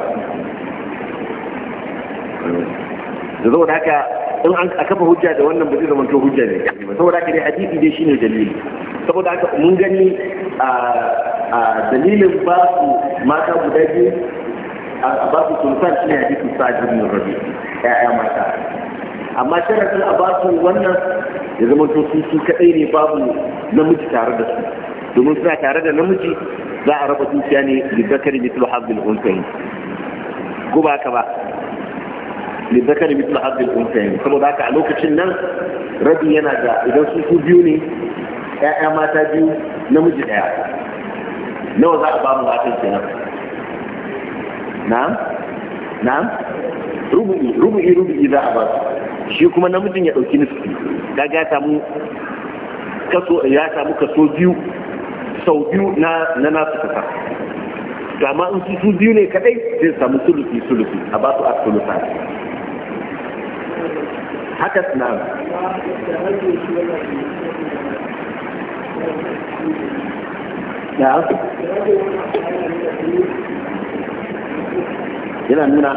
S1: da saboda haka in an kafa hujja da wannan ba zai zama hujja ne saboda haka dai hadisi dai shine dalili saboda haka mun gani a dalilin ba su mata guda biyu A abasu sultan shi ne hadisin sa'ad ibn rabi ya'ya mata amma sharadin abasu wannan ya zama to su su kadai ne babu namiji tare da su domin suna tare da namiji za a raba dukiya ne lizzakari mitlu hazbil unsayin ko ba ka ba lizzakari mitlu hazbil unsayin saboda haka a lokacin nan rabi yana da idan su su biyu ne ya'ya mata biyu namiji ɗaya. nawa za a ba mu matan kenan na'am na'am rubu'i rubu'i rubu'i za a ba su shi kuma namijin ya ɗauki nisfi kaga ya samu kaso ya samu kaso biyu sau biyu na na nasu kasa to amma in su su biyu ne kadai zai samu sulufi sulufi a ba su a haka suna da yana nuna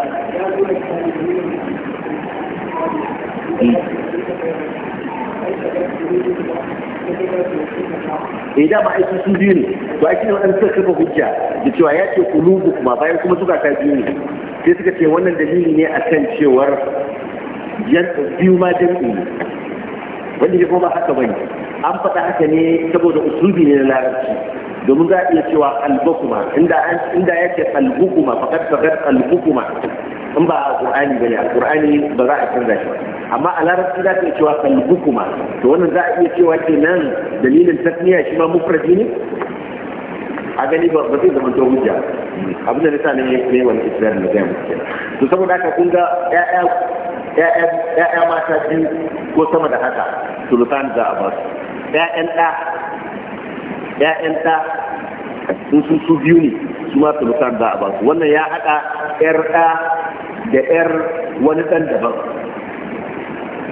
S1: eh dama aiki sun biyu ne to aiki ne waɗanda suka kafa hujja da cewa ya ce kulubu kuma bayan kuma suka ta biyu ne sai suka ce wannan dalili ne kan cewar biyu ma jam'i ne wanda ya kuma ba haka bane an faɗa haka ne saboda usubi ne na larabci domin za a iya cewa albukuma inda yake albukuma fakat fakat albukuma in ba a qur'ani bane a qur'ani ba za a canza shi amma a larabci za ta iya cewa albukuma to wannan za a iya cewa kenan dalilin tasniya shi ma mufradi ne a gani ba zai zama to hujja abin da nasa ne ne wani isra'il na zai muku to saboda haka kun ga ya'ya mata biyu ko sama da haka sultan za a ba su ya'yan ɗa ‘ya’yanta sun su su biyu ne su ma sulusan za a ba su wannan ya haɗa 'yar ɗa da 'yar wani ɗan daban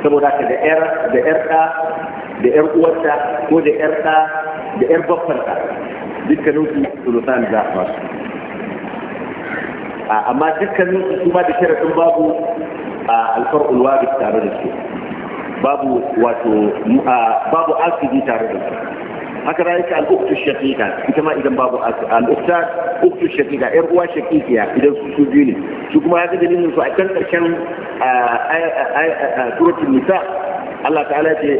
S1: saboda ka da 'yar da 'yar ɗa da 'yar uwarta ko da 'yar ɗa da 'yar babbarta dukkanin su sulusan za a ba su amma dukkanin su ma da sharaɗin babu ulwa da tare da su babu wato babu asidi tare da su haka da yake al'uktu shaqiqa ita ma idan babu al'ukta uktu shaqiqa yar uwa shaqiqiya idan su su biyu ne su kuma ya ga dalilin su a kan karshen suratul nisa Allah ta'ala ce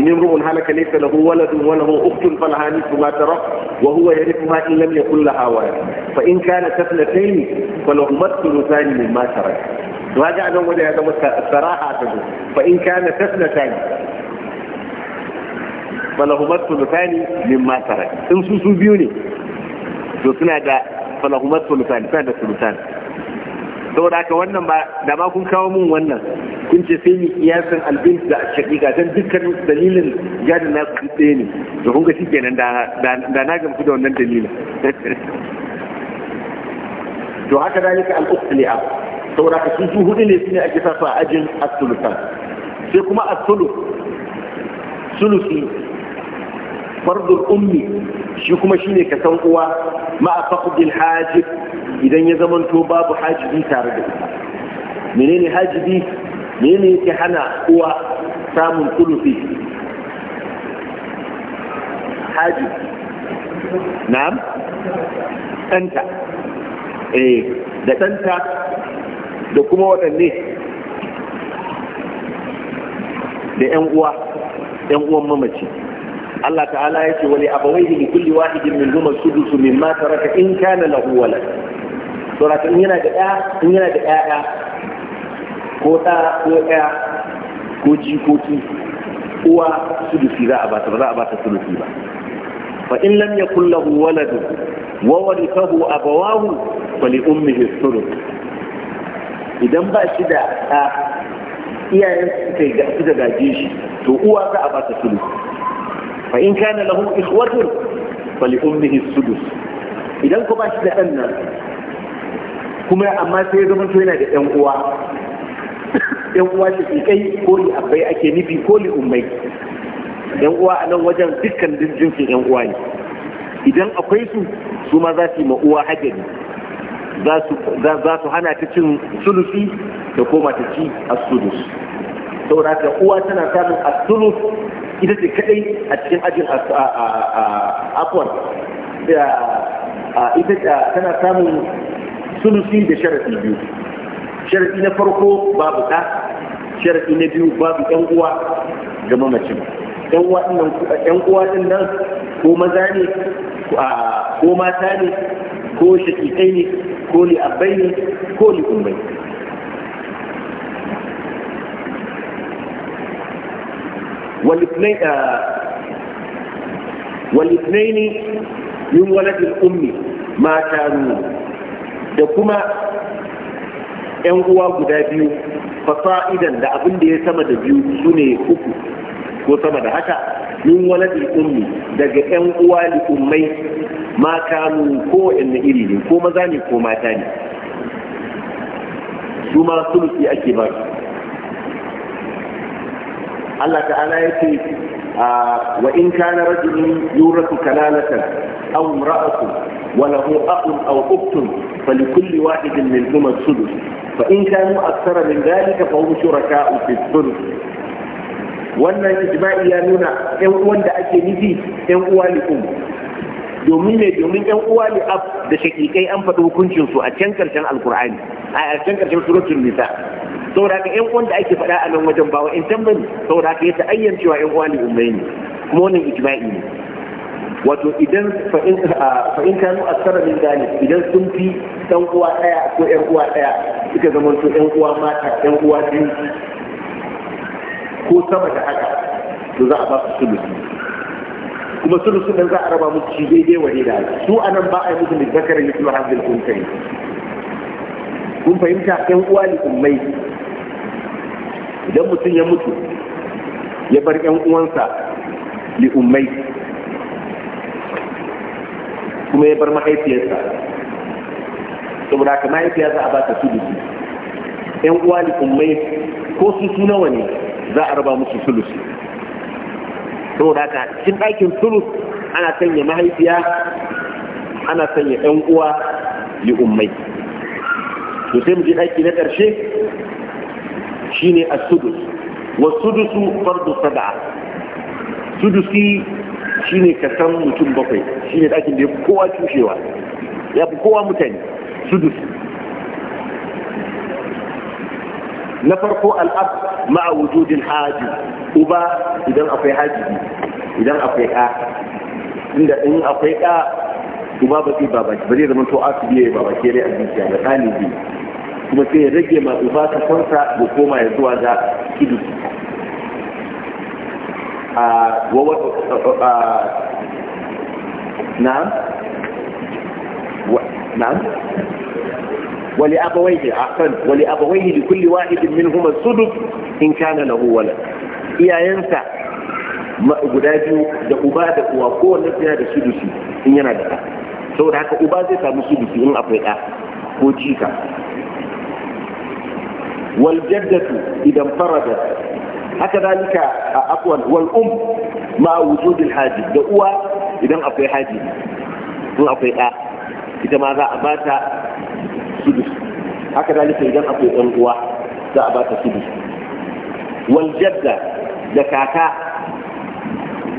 S1: in imru'un halaka laysa lahu waladun wa lahu ukhtun falaha nisfu ma tarak wa huwa yarithuha in lam yakul laha walad fa in kana tathnatayn falahuma thuluthani mimma tarak to haka anan wajen ya zama saraha ta fa in kana tathnatayn falahumat sulusani mimma tarak in su su biyu ne to suna da falahumat sulutani. suna da sulusani saboda haka wannan ba da ma kun kawo min wannan kun ce sai ni kiyasan albin da shakika dan dukkan dalilin jadin na su tsaye ne to kun ga shikenan da da na gamsu da wannan dalilin *laughs* to haka dalika al-ukht li'ab saboda haka su hudu ne su ne ake sa su a ajin as-sulusan sai kuma as-sulus sulusi fardul ummi shi kuma shine ka san uwa ma'a faqdil hajib idan ya zamanto babu hajibi tare da ita menene hajibi menene yake hana uwa samun kulufi hajib na'am ɗanta eh da ɗanta da kuma waɗanne da 'yan uwa 'yan uwan mamaci Allah ta'ala yake wali abawaihi li kulli wahidin min huma sudus mimma taraka in kana lahu walad saboda in yana da ɗaya in yana da ƴaƴa ko ɗa ko ɗaya ko jikoki uwa sudusi za a bata ba za a ba bata sudusi ba fa in lam yakul lahu walad wa warithahu abawahu fa li ummihi thuluth idan ba shi da ɗa iyayen suka gaji da gaje shi to uwa za a ba ta sudusi fa in kana lahu ikhwatun fali ummihi sudus idan ku ba shi da ɗan nan kuma amma sai zama to yana da ɗan uwa ɗan uwa shi kai ko li abai ake nufi ko li ummai ɗan uwa a nan wajen dukkan jinsin ɗan uwa ne idan akwai su su ma za su yi ma uwa za su hana ta cin sulusi da koma ci a sulus saboda uwa tana samun a ita ce kadai a cikin ajin akwai ita tana samun sulusi da sharaɗi biyu sharaɗi na farko babu ta sharafi na biyu babu ɗan uwa ga mamacin ɗan uwa din nan ko maza ne ko mata ne ko shakikai ne ko li'abbai ne ko li'ummai والاثنين آه والاثنين من ولد الأم ما كانوا دكما ‘yan uwa guda biyu fa'idan da abin da ya sama da biyu su uku ko sama da haka min waladin ummi daga ‘yan uwa ummai ma kanu ko wa'anne iri ne ko maza ne ko mata ne su ma sulusi ake ba Allah ta'ala ya ce ah, wa in kana rajulun yurasu kalalatan aw imra'atun wa lahu akhun aw ukhtun falikulli wahidin minhum as-sudus fa in kanu akthara min dhalika fa hum shuraka'u fi as-sudus wannan ijma'i ya nuna ƴan uwan da ake nufi ƴan uwa ne domin ne domin ƴan uwa ne ab da shakikai an faɗi hukuncin su a can karshen alkur'ani a can karshen suratul nisa saboda haka ƴan uwan da ake faɗa a nan wajen bawa, in ƴan tambani saboda haka ya ta'ayyan cewa ƴan uwa ne ummai ne kuma wannan ijma'i ne wato idan fa'in kanu a min gane idan sun fi ɗan uwa ɗaya ko ƴan uwa ɗaya suka zama su ƴan uwa mata ƴan uwa biyu ko sama da haka to za a ba su sulusi kuma su nan za a raba musu shi daidai wa da su a nan ba a yi musu mai zakarar yi su hanzar kun kai kun fahimta ƴan uwa ne ummai idan mutum ya mutu ya bar yan uwansa li ummai kuma ya bar mahaifiyarsa saboda haka mahaifiya za a ba ta sulusi yan uwa li ummai ko su su nawa ne za a raba musu sulusi saboda haka cikin ɗakin sulus ana sanya mahaifiya ana sanya yan uwa li ummai to mu je ɗaki na ƙarshe shine as-sudus wa sudusu fardu sab'a sudusi shine ka san mutum bakwai shine ɗakin da yafi kowa cushewa yafi kowa mutane sudus na farko al'ab ma'a wujudin haji uba idan akwai haji idan akwai ɗa inda in akwai ɗa uba ba zai babaci ba zai zama to asibi ya yi babaci ya a zuciya da ɗani biyu kuma sai ya rage ma uba kansa da koma ya zuwa ga kidu na'am na'am wali abawaihi ahsan wali abawaihi li kulli wahidin minhum huma sudus in kana lahu walad iyayensa guda biyu da uba da uwa kowanne yana da sudusi in yana da ɗa saboda haka uba zai samu sudusi in akwai ɗa ko jika wal jaddatu idan farada haka dalika a afwan wal um ma wujudil haji da uwa idan akwai haji in akwai ɗa ita ma za a ba ta sudus haka dalika idan akwai ɗan uwa za a ba ta sudus wal jadda da kaka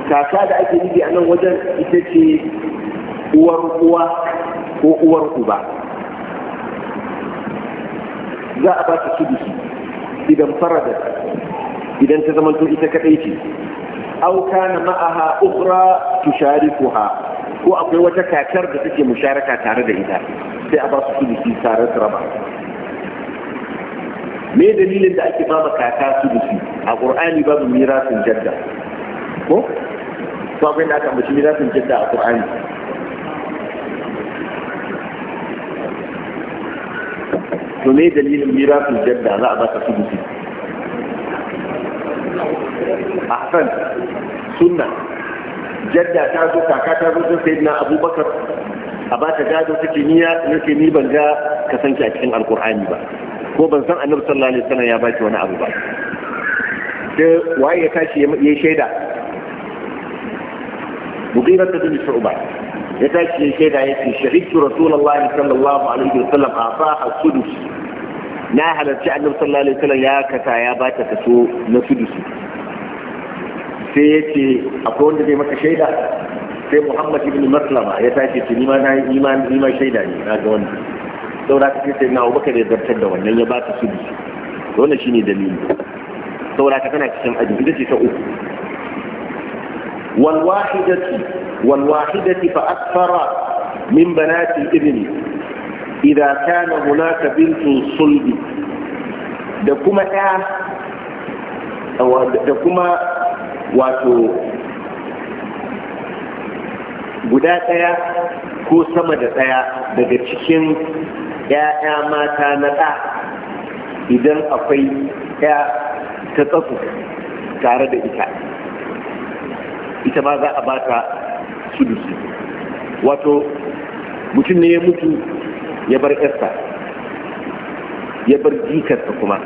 S1: kaka da ake nufi a nan wajen ita ce uwar uwa ko uwar uba za a ba ta sudusi idan farada idan ta zamanto ita kadai ce aw kana ma'aha ukhra tusharikuha ko akwai wata kakar da take musharaka tare da ita sai a ba su sudusi tare da raba me dalilin da ake ba kaka sudusi a qur'ani babu mirasin jadda ko ba da aka ambaci mirasin jadda a qur'ani to me dalilin mirasul jadda za a baka sudusi ahsan sunna jadda ta zo kaka ta zo sun na abubakar a ba ta gado take niyya nake ni ban ga kasance a cikin alkur'ani ba ko ban san annabi sallallahu alaihi wasallam ya ba ki wani abu ba sai waye ya tashi ya shaida ta bin shu'ba ya tashi ya shaida ce shahidtu rasulullahi sallallahu alaihi wasallam a afaha sudus na halarci annabi sallallahu alaihi wasallam ya kasa ya bata kaso na su sai ya ce akwai wanda zai maka shaida sai muhammad ibn maslama ya tashi ce nima na nima shaida ne na ga wanda saboda ka sai na abubakar ya zartar da wannan ya bata sudusu wannan shine dalili saboda ka tana cikin aji ita ce ta uku wal والواحدة fa فأكثر min بنات الإبن idza kana hunaka bintun sulbi da da kuma wato guda ɗaya ko sama da ɗaya daga cikin ‘ya'ya mata na ɗa idan akwai ‘ya ta tsaku tare da ita ita ma za a bata sudusi wato mutum ne ya mutu ya bar esta ya bar jikarsa kuma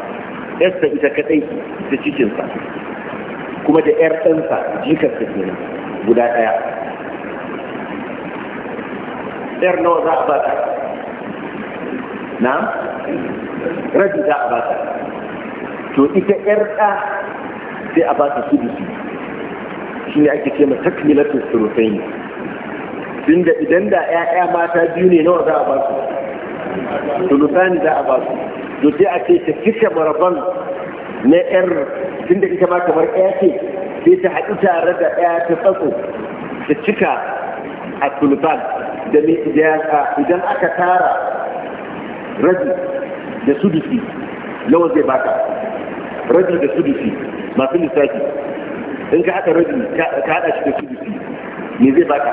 S1: esta ita kadai ta cikinsa kuma da yar ɗansa jikarsa kenan guda ɗaya yar nawa za a bata na rabi za a bata to ita yar ɗa sai a bata su shi ne ake ce ma ne? tun da idan da 'ya'ya mata biyu ne nawa za a ba tulusani za a ba dutse a ce ta cika maraban na yar da ita ma kamar ɗaya ce sai ta haɗu tare da ɗaya ta tsatso ta cika a tulusan da mai idan aka tara rabi da sudusi nawa zai baka rabi da sudusi masu lissafi in ka haɗa rabi ka haɗa shi da sudusi me zai baka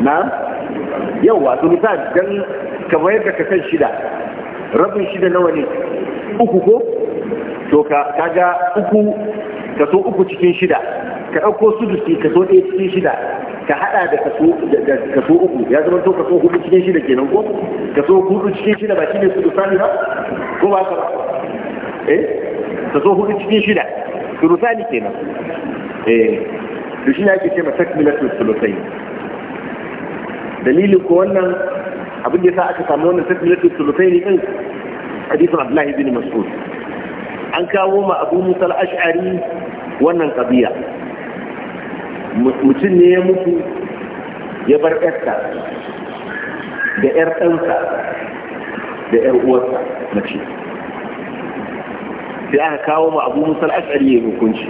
S1: na yawa nisa don ka mayar da kasan shida rabin shida nawa ne uku ko to ka ga uku kaso uku cikin shida ka ɗauko sudusi kaso ɗaya cikin shida ka haɗa da kaso uku ya zama to kaso hudu cikin shida kenan ko kaso hudu cikin shida ba shine ne ba ko ba ka ba eh kaso hudu cikin shida ne kenan eh to shi ake ce ma takmilatul sulusai dalilin ko wannan abin da ya sa aka samu wannan tasmilatul sulusaini din hadisin Abdullahi bin Mas'ud an kawo ma Abu Musa al-Ash'ari wannan kabiya mutum ne ya mutu ya bar ƴarsa da ƴar ɗansa da ƴar uwarsa mace sai aka kawo ma Abu Musa al-Ash'ari ya hukunci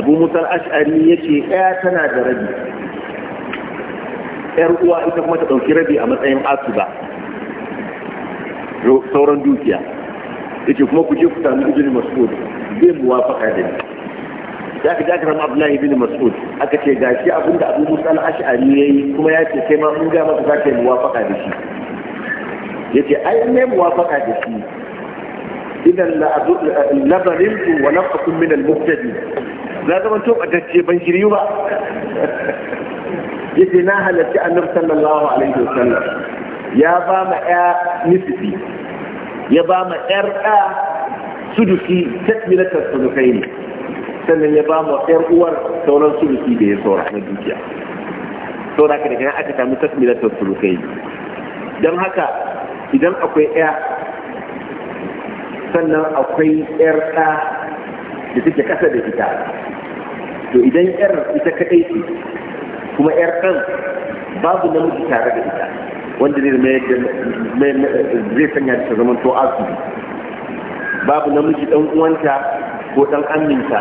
S1: Abu Musa al-Ash'ari yace ɗaya tana da rabi yar uwa ita kuma ta ɗauki rabi a matsayin asuba sauran dukiya yake kuma ku je ku sami ibn mas'ud zai wafaka da ni za ka jakar ma abdullahi bin mas'ud aka ce gashi abinda abu musa al-ash'ari yayi kuma ya ce kai ma mun ga maka zaka yi wafaka da shi yace ai ne wafaka da shi idan la labarintu wa nafqakum min al-muhtadi za zaman to batacce ban shiryu ba
S2: *laughs*
S1: yace na halarci annabi sallallahu alaihi wasallam ya ba ma ya nisfi ya ba ma yar da suduki tatmilatar sudukai ne sannan ya ba ma yar uwar sauran suduki da ya saura na dukiya saura ka daga nan aka samu tatmilatar sudukai don haka idan akwai ya sannan akwai yar da da take kasa da ita to idan yar ita kadai ce kuma yar kan babu namiji tare da ita wanda zai zai sanya ta zama to asibi babu namiji ɗan uwanta ko ɗan aminta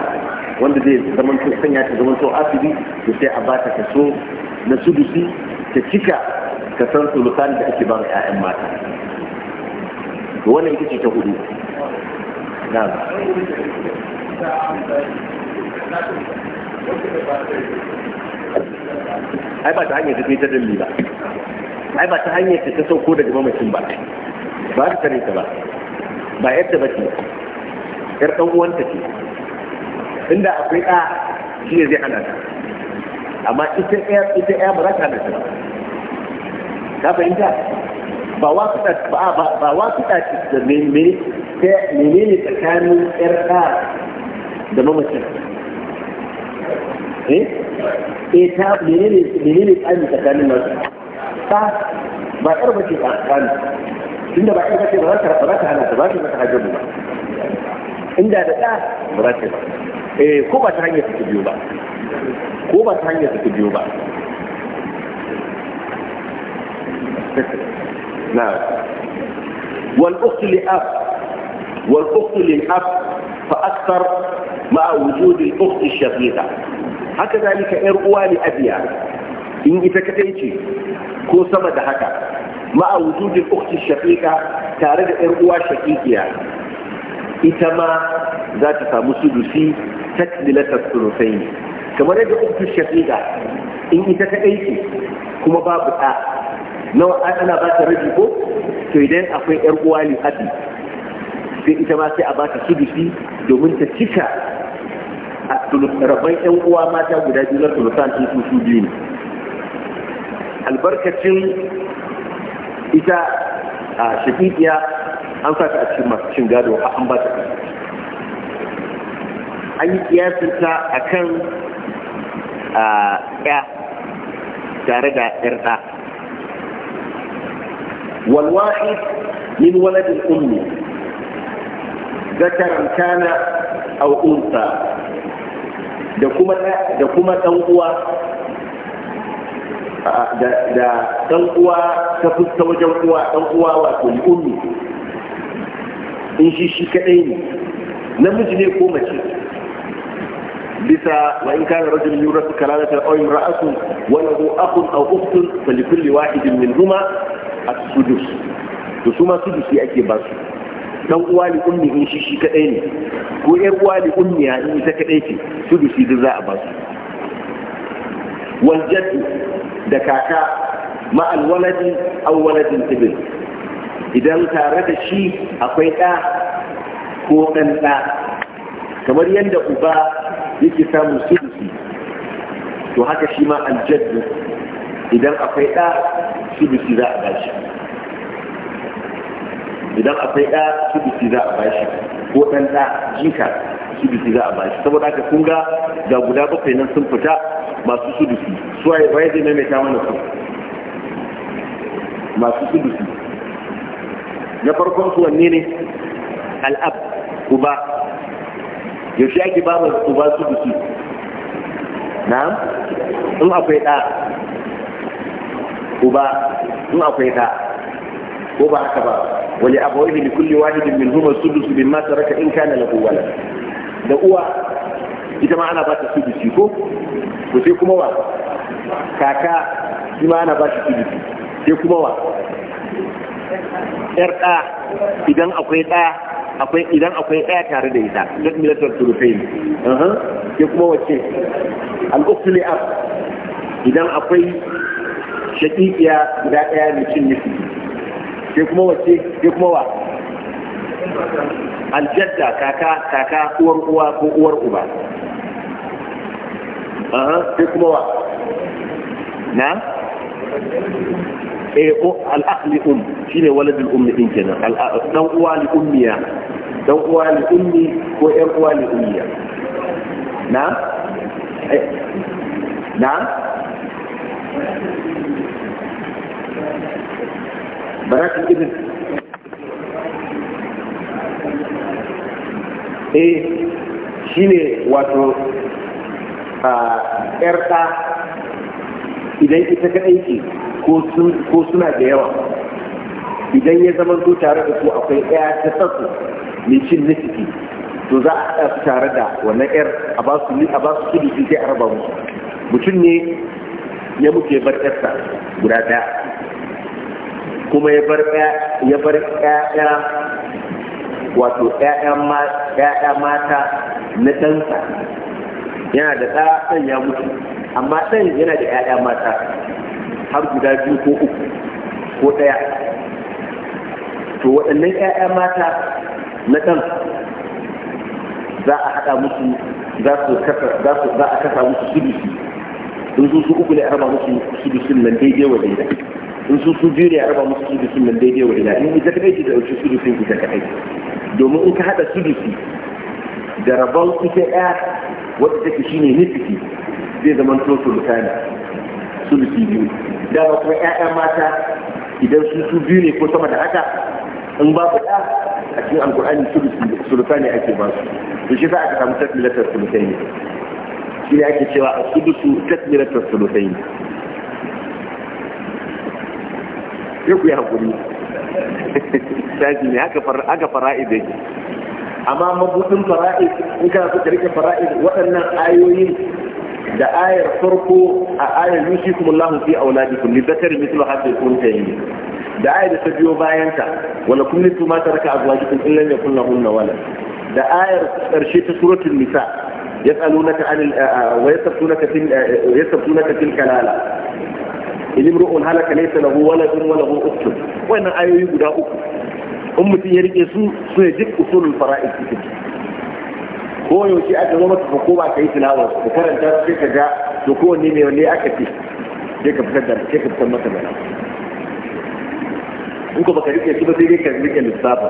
S1: wanda zai zama to sanya ta zama to asibi to sai a bata so na sudusi ta cika ka kasan sulusan da ake ba ƴaƴan mata wannan ita ce ta hudu نعم ai ba ta hanyar ta ta dalli ba ai ba ta hanyar ta sauko daga mamacin ba ba ta tare ta ba ba yadda ba ce yar ɗan uwanta ce inda akwai ɗa shi ne zai hana ta amma ita ɗaya ita ɗaya ba za ta hana ta ba ka fahimta ba wa kuɗa ba ba wa kuɗa ce da menene menene tsakanin yar ɗa da mamakin eh ita menene tsarin tsakanin nasu ta ba yar bace ba tsakanin tunda ba yar bace ba za ta ba za ta hana ta ba ta mata hajjar ba inda da ɗa ba za ta ba eh ko ba ta hanyar take biyo ba ko ba ta hanyar take biyo ba نعم والأخت لأب والأخت للأب فأكثر مع وجود الأخت الشقيقة haka zalika yar uwa li abiya in ita kadai ce ko sama da haka ma'a wujudin ukti shaqiqa tare da yar uwa shaqiqiya ita ma za ta samu sudusi takmilatat thuluthayn kamar yadda ukti shaqiqa in ita kadai ce kuma babu ɗa nawa ana ba ta rabi ko to idan akwai yar uwa li abi sai ita ma sai a ba ta sudusi domin ta cika rabban yan uwa mata guda biyu na tulusan sun su su biyu ne albarkacin ita a shakikiya an sa ta a cikin masu cin gado a an ba ta an yi kiyasin ta a kan ya tare da yar ɗa walwa'i min waladin ummi zakaran kana a unsa da kuma da kuma dan uwa da dan uwa ta fuska wajen uwa dan uwa wato ummi in shi shi kadai ne namiji ne ko mace bisa wa in kana rajul yurasu kalalatan aw imra'atun wa lahu akhun aw ukhtun fa li kulli wahidin huma as-sudus to ma sudusi ake basu dan uwa li ummi in shi shi kadai ne ko yar uwa li ummi ya in ita kadai ce su da shi za a ba su wal jaddu da kaka ma al waladi aw waladin idan tare da shi akwai ɗa ko ɗan ɗa kamar yadda uba yake samun sulusi to haka shi ma aljaddu idan akwai ɗa sulusi za a bashi idan akwai ɗa sudusi za a bashi ko ɗan ɗa jika sudusi za a bashi saboda haka kun ga ga guda bakwai nan sun fita masu sudusi su waye waye zai maimaita mana su masu sudusi na farkon su wanne ne al'ab uba yaushe ake ba mu uba sudusi na in akwai ɗa uba in akwai ɗa ko ba haka ba wali abawaihi li kulli wahidin minhuma sudusu mimma taraka in kana lahu walad da uwa ita ma ana ba ta sudusi ko to sai kuma wa kaka shi ma ana ba su sudusi sai kuma wa yar ɗa idan akwai ɗa akwai idan akwai ɗaya tare da ita don milatar eh ke kuma wace al'ukuli ab idan akwai shaƙiƙiya guda ɗaya mai ne sai kuma wacce sai kuma wa aljadda kaka kaka uwar uwa ko uwar uba aha sai kuma wa na eh o al-akh li um shine walad al-ummi din kenan dan uwa li ummiya dan uwa li ummi ko yan uwa li ummiya na na baratun ibn eh shi ne wato a idan ita kaɗai aiki ko suna da yawa idan ya zama to tare da su akwai ɗaya ta sassu mai cin nufi to za a su tare da wannan yar a ba su a ba su sai a raba musu mutum ne ya muke bar yarsa guda ɗaya kuma ya bar ya ƴaƴa wato ƴaƴa mata na ɗansa yana da ɗa ɗan ya mutu amma ɗan yana da ƴaƴa mata har guda biyu ko uku ko ɗaya to waɗannan ƴaƴa mata na ɗan za a haɗa musu za su za a kasa musu sudusi in su uku ne a raba musu sudusin nan daidai wa daidai in su su biyu ne a raba musu sudusin nan daidai wa ila in ita kadai ki dauki sudusin ita kaɗai, domin in ka haɗa sudusi da rabon ita ɗaya wadda take shine nisiki zai zama to sulusani sulusi biyu dama kuma ƴaƴa mata idan su su biyu ne ko sama da haka in ba ku ɗa a cikin alkur'ani sulusani ake ba su to shi za a samu tasmilatar sulusai ne shi ne ake cewa a sudusu tasmilatar sulusai ne sai ku yi haƙuri shaji ne haka fara'id yake amma mabudin fara'id in kana so ka rike fara'id waɗannan ayoyin da ayar farko a ayar lahun fi auladikum li zakari mithlu hadhihi al yi da ayar da ta biyo bayan ta wala kun nisu ma taraka in illa ya lahun na wala da ayar karshe ta suratun nisa yas'alunaka anil wa yastabtunaka fil ka fil kalala ilimru'un halaka laysa lahu waladun wala lahu ukhtun wannan ayoyi guda uku in mutum ya rike su su ne duk usulul fara'id cikin ko yaushe aka zama ka ko ba ka yi tilawar ka karanta su sai ka ga to kowanne mai wanne aka ce sai ka fitar da sai ka fitar masa da in ko baka rike su ba sai dai ka rike lissafa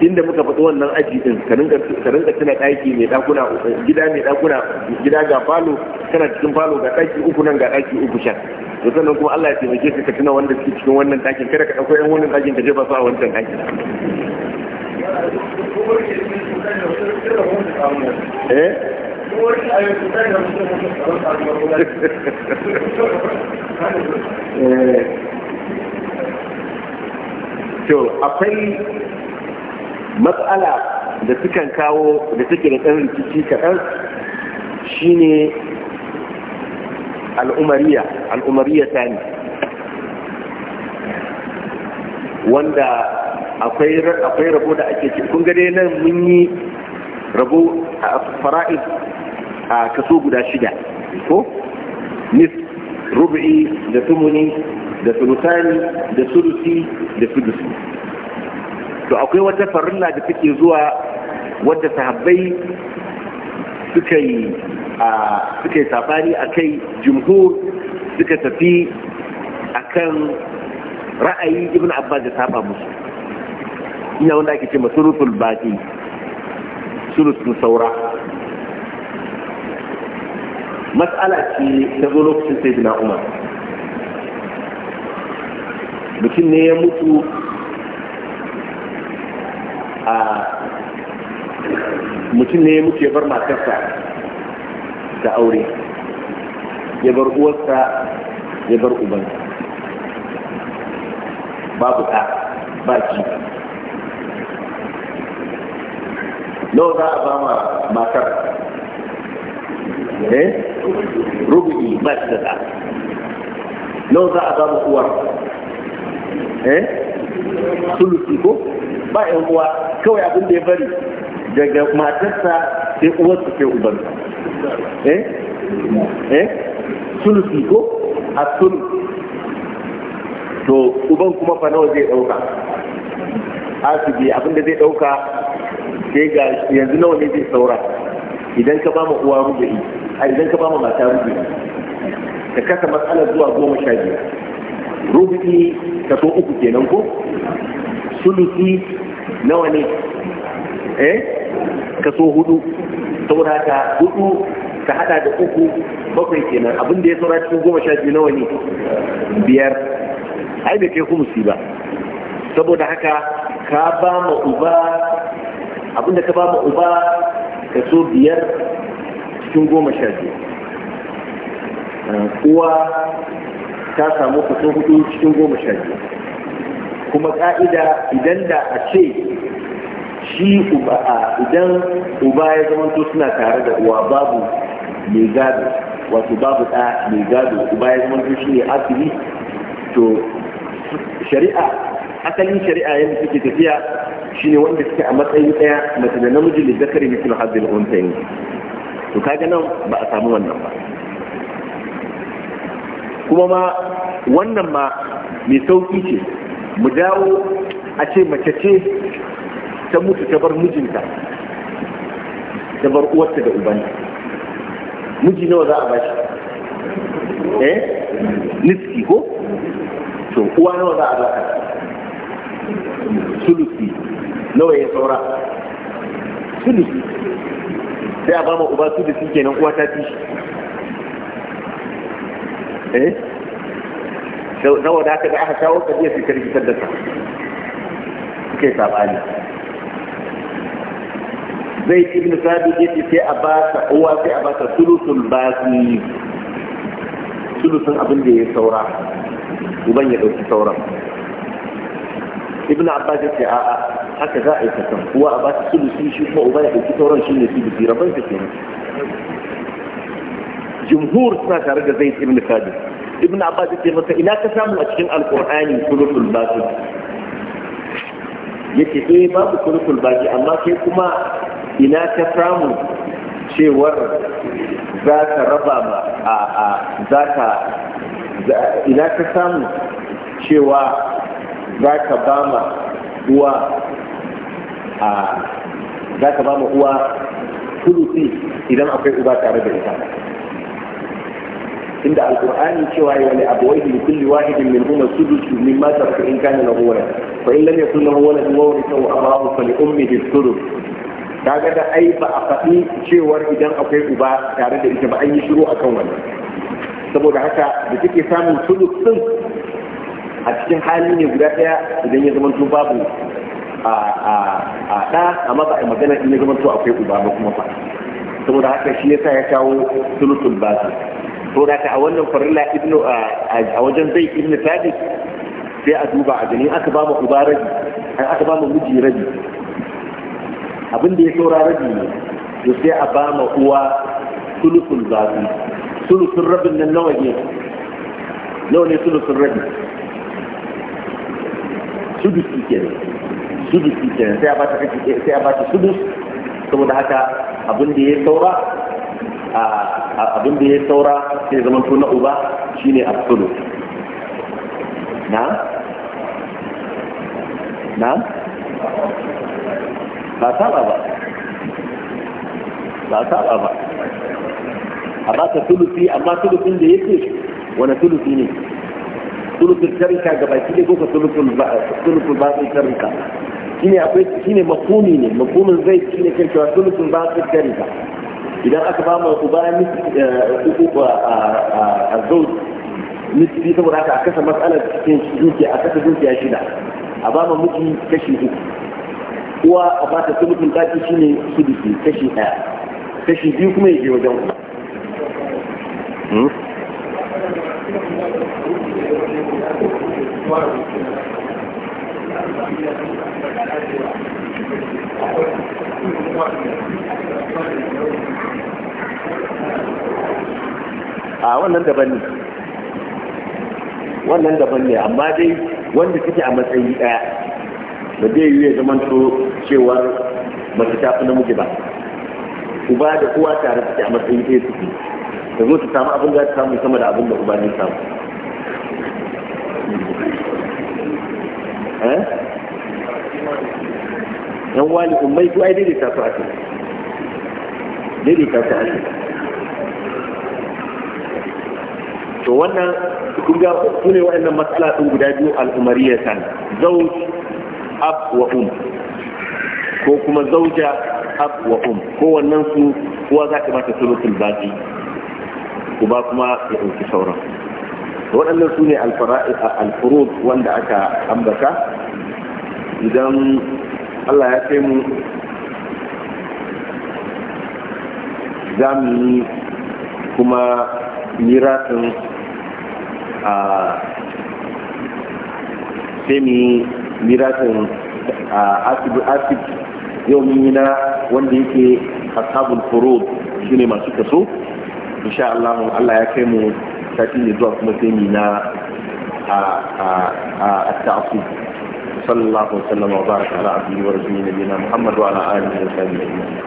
S1: inda muka faɗi wannan aji din ka rinka tuna ɗaki mai ɗakuna gida mai ɗakuna gida ga falo kana cikin falo ga ɗaki uku nan ga ɗaki uku sha to sannan kuma Allah ya taimake ka ka tuna wanda suke cikin wannan ɗakin kada ka ɗauko ɗan wannan ɗakin ka jefa su a wancan ɗakin eh? *laughs* Eh. to akwai matsala da sukan kawo da suke da ɗan rikici kaɗan shi ne al'umariya al'umariya tani wanda akwai rabo da ake ce kun gade nan mun yi rabo a fara'id a kaso guda shida ko nis rubi da tumuni da sulutani da sulusi da sudusi to akwai wata farilla da take zuwa wadda sahabbai suka yi a suka yi sabani a kai jumhur suka tafi akan kan ra'ayi ibn abbas da saba musu ina wanda ake ce masuruful baki surutun saura mas'ala ce ta zo lokacin sai umar mutum ne ya mutu mutum ne ya mutu ya bar matarsa da aure ya bar uwarsa ya bar ubansa babu ta ba ki nawa za a ba ma matar eh rubu'i ba shi da ɗa nawa za a ba ma uwar eh sulusi ko ba yan uwa kawai abin da ya bari daga matarsa sai uwarsa sai ubansa eh eh sulusi ko a sulusi to uban kuma fa nawa zai dauka asibi abinda zai dauka sai ga yanzu nawa ne zai saura idan ka ba uwa rubu'i a idan ka ba mata rubu'i ka kasa matsalar zuwa goma sha biyar rubu'i so uku kenan ko sulusi nawa ne eh kaso hudu saboda haka hudu ka hada da uku bakwai kenan abin da ya saura cikin goma sha biyu nawa ne biyar ai bai kai ku musiba? saboda haka ka ba ma uba abin da ka ba ma uba kaso biyar cikin goma sha biyu uh, uwa ta samu kaso hudu cikin goma sha biyu kuma ka'ida idan da a ce shi uba idan uba ya zamanto suna tare da uwa babu mai gado wato babu da mai gado uba ya to shi ne asiri to shari'a asalin shari'a yadda suke tafiya shine wanda suke a matsayin ɗaya mace da namiji da zakari mutum hazzin untayin to kaga nan ba a samu wannan ba kuma ma wannan ma mai sauki ce mu dawo a ce mace ce ta mutu ta bar mijinta ta bar uwarta da ubanta miji nawa za a bashi eh niski ko to uwa nawa za a baka sulusi nawa ya saura sulusi sai a ba ma uba sulusi kenan uwa ta ci eh nawa da aka da aka kawo ka je fitar fitar da ta kai sabani زيد بن ثابت يتي في أباس هو في أباس ثلث الباسي ثلث أبن دي ثورة وبين يدوك ثورة ابن عباس يتي حتى ذائي كتن هو أباس ثلث يشوف ما أبين يدوك ثورة يشوف يتي بكي ربين كتن جمهور سناك رجل زيد بن ثابت ابن عباس يتي مثلا إلا تسامل أتكين القرآن ثلث الباسي يتي إيه باب ثلث الباسي أما كيف ina ta samu cewar za ka raba ma a a za ka ina ta samu cewa za ka ba ma uwa a za ka ba ma uwa kulusi idan akwai uba tare da ita inda alkur'ani cewa ya wani abu abawaihi li kulli wahidin min huma sudusu mimma taraka in kana lahu walad fa in lam yakul lahu walad wa warithahu abahu fa li ummihi thuluth kaga da ai ba a faɗi cewar idan akwai uba tare da ita ba an yi shiru kan wannan saboda haka da take samun suluk sun a cikin hali ne guda ɗaya idan ya zama babu a ɗa amma ba a magana in ya zama akwai uba ba kuma fa saboda haka shi yasa ya kawo sulutul basu to da ka a wannan farilla ibnu a wajen zai ibnu sabit sai a duba a ganin aka ba mu uba aka ba mu miji rabi abin da ya saura rabi ne to sai a ba ma uwa sulusun zafi sulusun rabin nan nawa ne nawa ne sulusun rabi sudusi kenan sudusi ne sai a ba ta kake sai a ba ta sudus saboda haka abin da ya saura abin da ya saura sai zama to na uba shine absolu na na ba saba ba ba saba ba a ba baka tulufi, amma tulufin da yake wani tulufi ne sulusin tarika ga baki ko ka tulufin ba sai tarika shine akwai shine mafumi ne mafumin zai shine kan cewa tulufin ba sai tarika idan aka ba mu uba eh, uku a zauj nisbi saboda haka a kasa matsalar cikin dukiya a kasa dukiya shida a ba mu miki kashi uku uwa a ba ta su mutunta shi shine sulusi kashi ɗaya kashi biyu kuma ya je wajen ku a wannan daban ne wannan daban ne amma dai wanda suke a matsayi ɗaya ba zai yi ya zamanto cewar ba ta fi namiji ba uba da kuwa tare suke a matsayin ɗaya suke da zo su samu abin da ta samu sama da abin da uba ne samu eh? yan wani ummai ko ai daidaita su ake daidaita su ake to wannan kun ga su ne wa'annan matsala sun guda biyu al'umariyar sani, zau. ab wa um ko kuma zauja ab wa um wannan su kowa za ta bata sulutul baki ba kuma ya ɗauki sauran waɗannan su ne alfurud wanda aka ambata idan allah ya kai mu za yi kuma miratin a sai mirasin asib yau na wanda yake ashabul furud shine masu kaso insha Allah Allah ya kai mu sati ne zuwa kuma sai ni na التعصيب صلى الله وسلم وبارك على عبده ورسوله نبينا محمد وعلى اله وصحبه اجمعين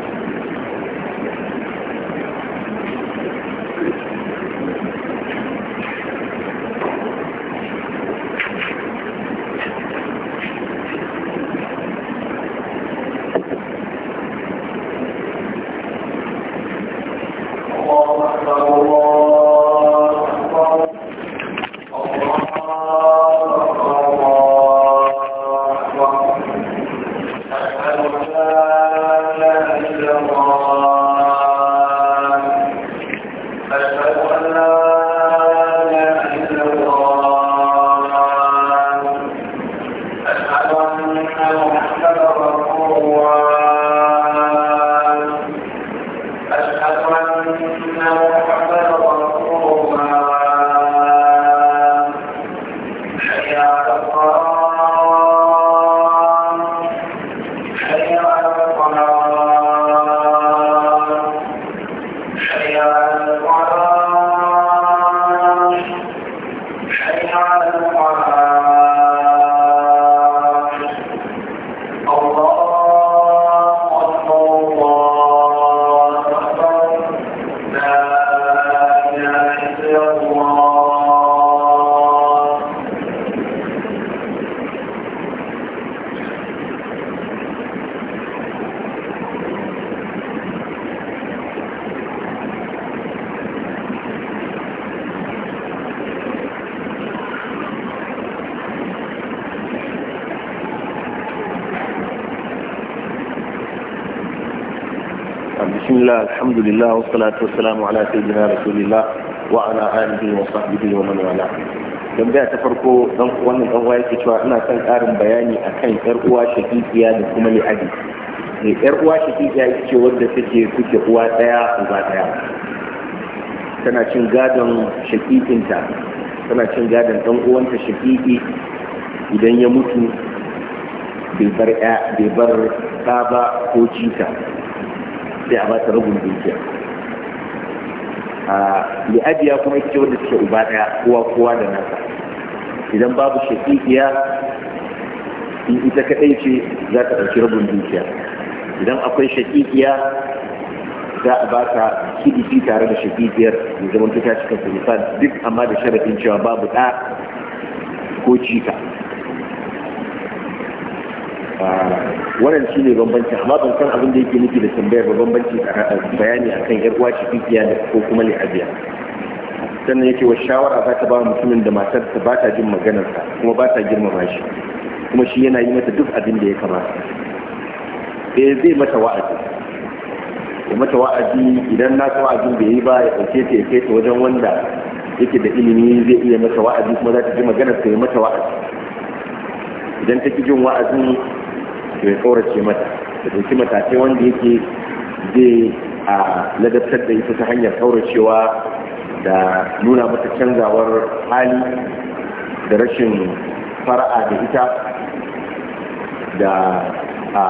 S1: الحمد لله والصلاة والسلام على سيدنا رسول الله وعلى آله وصحبه ومن والاه tambaya ta farko dan wannan dan waye ke cewa ina son karin bayani akan yar uwa shakikiya da kuma li'abi ne eh, yar uwa shakikiya ce wadda take kuke uwa daya uba daya tana cin gadon shakikinta tana cin gadon dan uwanta shakiki idan ya mutu bai bar ɗa ba ko jita. sai a bata ta rabin dukiya a ajiya kuma ita ce wanda suke uba ɗaya kowa kowa da nasa idan babu shakikiya in ita kaɗai ce za ta ɗauki rabin dukiya idan akwai shakikiya za a ba ta kidi tare da shakikiyar da zaman ta cika sulfan duk amma da sharafin cewa babu ɗa ko cika wannan shi ne bambanci amma ban san abin da yake nufi da tambayar ba bambanci a bayani akan yar uwa cikiya da ko kuma li'abiya sannan yake wa shawara za ta ba mutumin da ta ba ta jin maganarsa kuma ba ta girmama shi kuma shi yana yi mata duk abin da ya kamata E, zai mata wa'azi ya mata wa'azi idan na ta wa'azin bai yi ba ya ɗauke ta ya kai ta wajen wanda yake da ilimi zai iya mata wa'azi kuma za ta ji maganarsa ya mata wa'azi idan ta ki jin wa'azin ya tsorace mata da ɗauki matakai wanda yake zai a ladabtar da ita ta hanyar tsauracewa da nuna mata canzawar hali da rashin fara'a da ita da a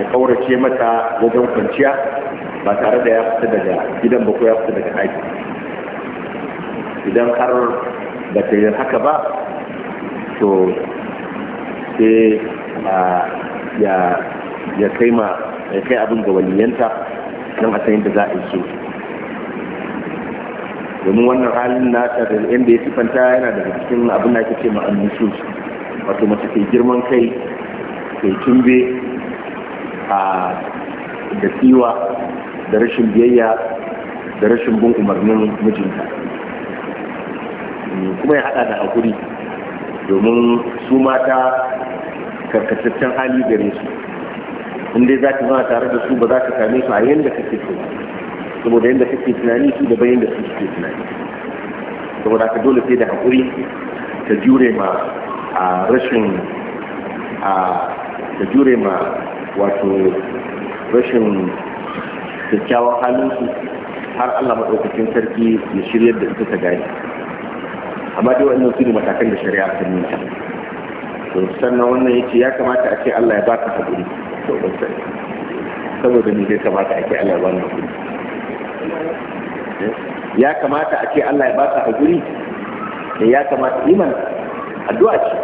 S1: ya kaurace mata wajen kwanciya ba tare da ya fita daga gidan ba ya fita daga aiki idan har ba ta yi haka ba to sai ya kai ma ya kai abin ga waliyanta don a san yadda za a yi domin wannan halin nata da yadda ya sifanta yana daga cikin abin da ake ce ma annusus wato mace ke girman kai ke tumbe a da tsiwa da rashin biyayya da rashin bin umarnin mijinta kuma ya hada da hakuri domin su mata karkataccen hali gare su in dai za ka zama tare da su ba za ka same su a yadda kake so saboda yadda kake tunani su da bayan da su suke tunani saboda ka dole sai da haƙuri ka jure ma a rashin a ka jure ma wato rashin kyakkyawan halinsu har Allah maɗaukacin sarki ya shirya da ita ta gani amma dai wannan su ne matakan da shari'a ta nuna to sannan wannan yake ya kamata a ce Allah ya ka hakuri to sai saboda ni zai kamata a ce Allah ya ka hakuri eh? ya kamata a ce Allah ya ka hakuri da eh, ya kamata iman addu'a ce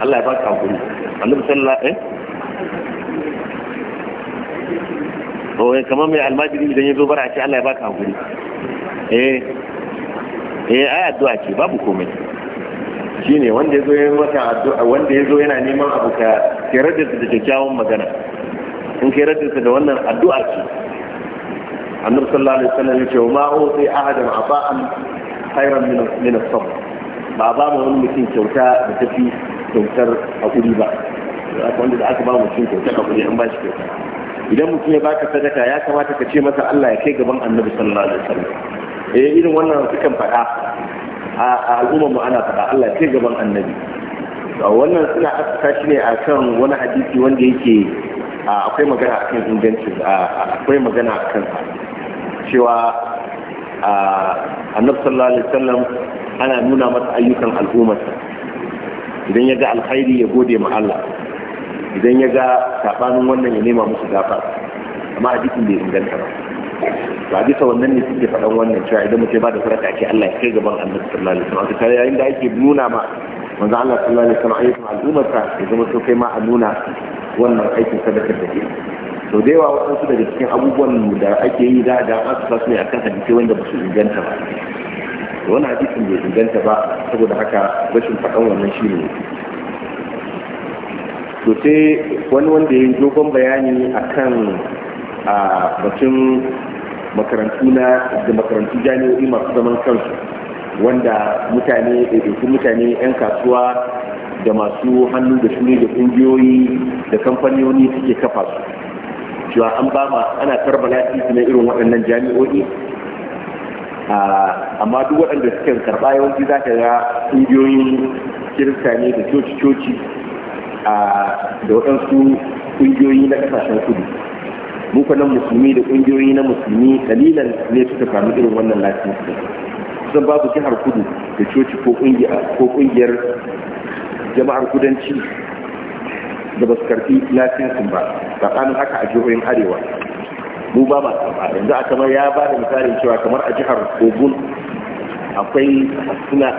S1: Allah ya ka hakuri Allah sallallahu eh wasallam oh, eh, kamar mai almajiri idan ya zo bara a ce Allah ya baka hakuri eh eh ai addu'a ce babu komai shine wanda yazo yayin maka addu'a wanda yazo yana neman abu ka kira da da kyakkyawan magana in kira da da wannan addu'a ce annabi sallallahu alaihi wasallam ya ce ma uti ahadan ata'an khairan min min as-sabr ba ba mu wani mutum kyauta da tafi kyautar hakuri ba wanda da aka ba mutum kyauta hakuri an ba shi kyauta idan mutum ya baka sadaka ya kamata ka ce masa Allah ya kai gaban annabi sallallahu alaihi wasallam eh irin wannan sukan faɗa a al'umma mu ana faɗa Allah ce gaban annabi wannan suna aka shi ne akan wani hadisi wanda yake akwai magana akan inganci akwai magana akan cewa annabi sallallahu alaihi wasallam ana nuna masa ayyukan al'umma idan ya ga alkhairi ya gode ma Allah idan ya ga sabanin wannan ya nema musu gafara amma hadisin bai inganta ba ba bisa wannan ne suke faɗan wannan cewa idan mutum ba da sadaka ake Allah ya kai gaban annabi sallallahu alaihi wasallam kare yayin da ake nuna ma manzo Allah sallallahu alaihi wasallam ayyukan al'ummarsa ya zama so kai ma a nuna wannan aikin sadaka da ke sau da yawa waɗansu daga cikin abubuwan da ake yi da da an su ne akan hadisi wanda ba su inganta ba wani hadisin bai inganta ba saboda haka rashin faɗan wannan shi ne to sai wani wanda ya yi dogon bayani akan a batun makarantu na da makarantu jami'o'i masu zaman kansu wanda mutane ɗaiɗaikun mutane 'yan kasuwa da masu hannu da shuni da ƙungiyoyi da kamfanoni suke kafa su cewa an ba ma ana karba titi na irin waɗannan jami'o'i amma duk waɗanda suke karɓa yawanci za ka ga ƙungiyoyin kirista ne da coci-coci da waɗansu ƙungiyoyi na ƙasashen kudu mu nan musulmi da kungiyoyi na musulmi kalilan ne suka samu irin wannan lafiya kusan babu jihar kudu da coci ko kungiyar jama'ar kudanci da ba su karfi lafiyansu ba tsakanin haka a jihohin arewa mu ba ma karfa yanzu a kamar ya ba da misalin cewa kamar a jihar ogun akwai suna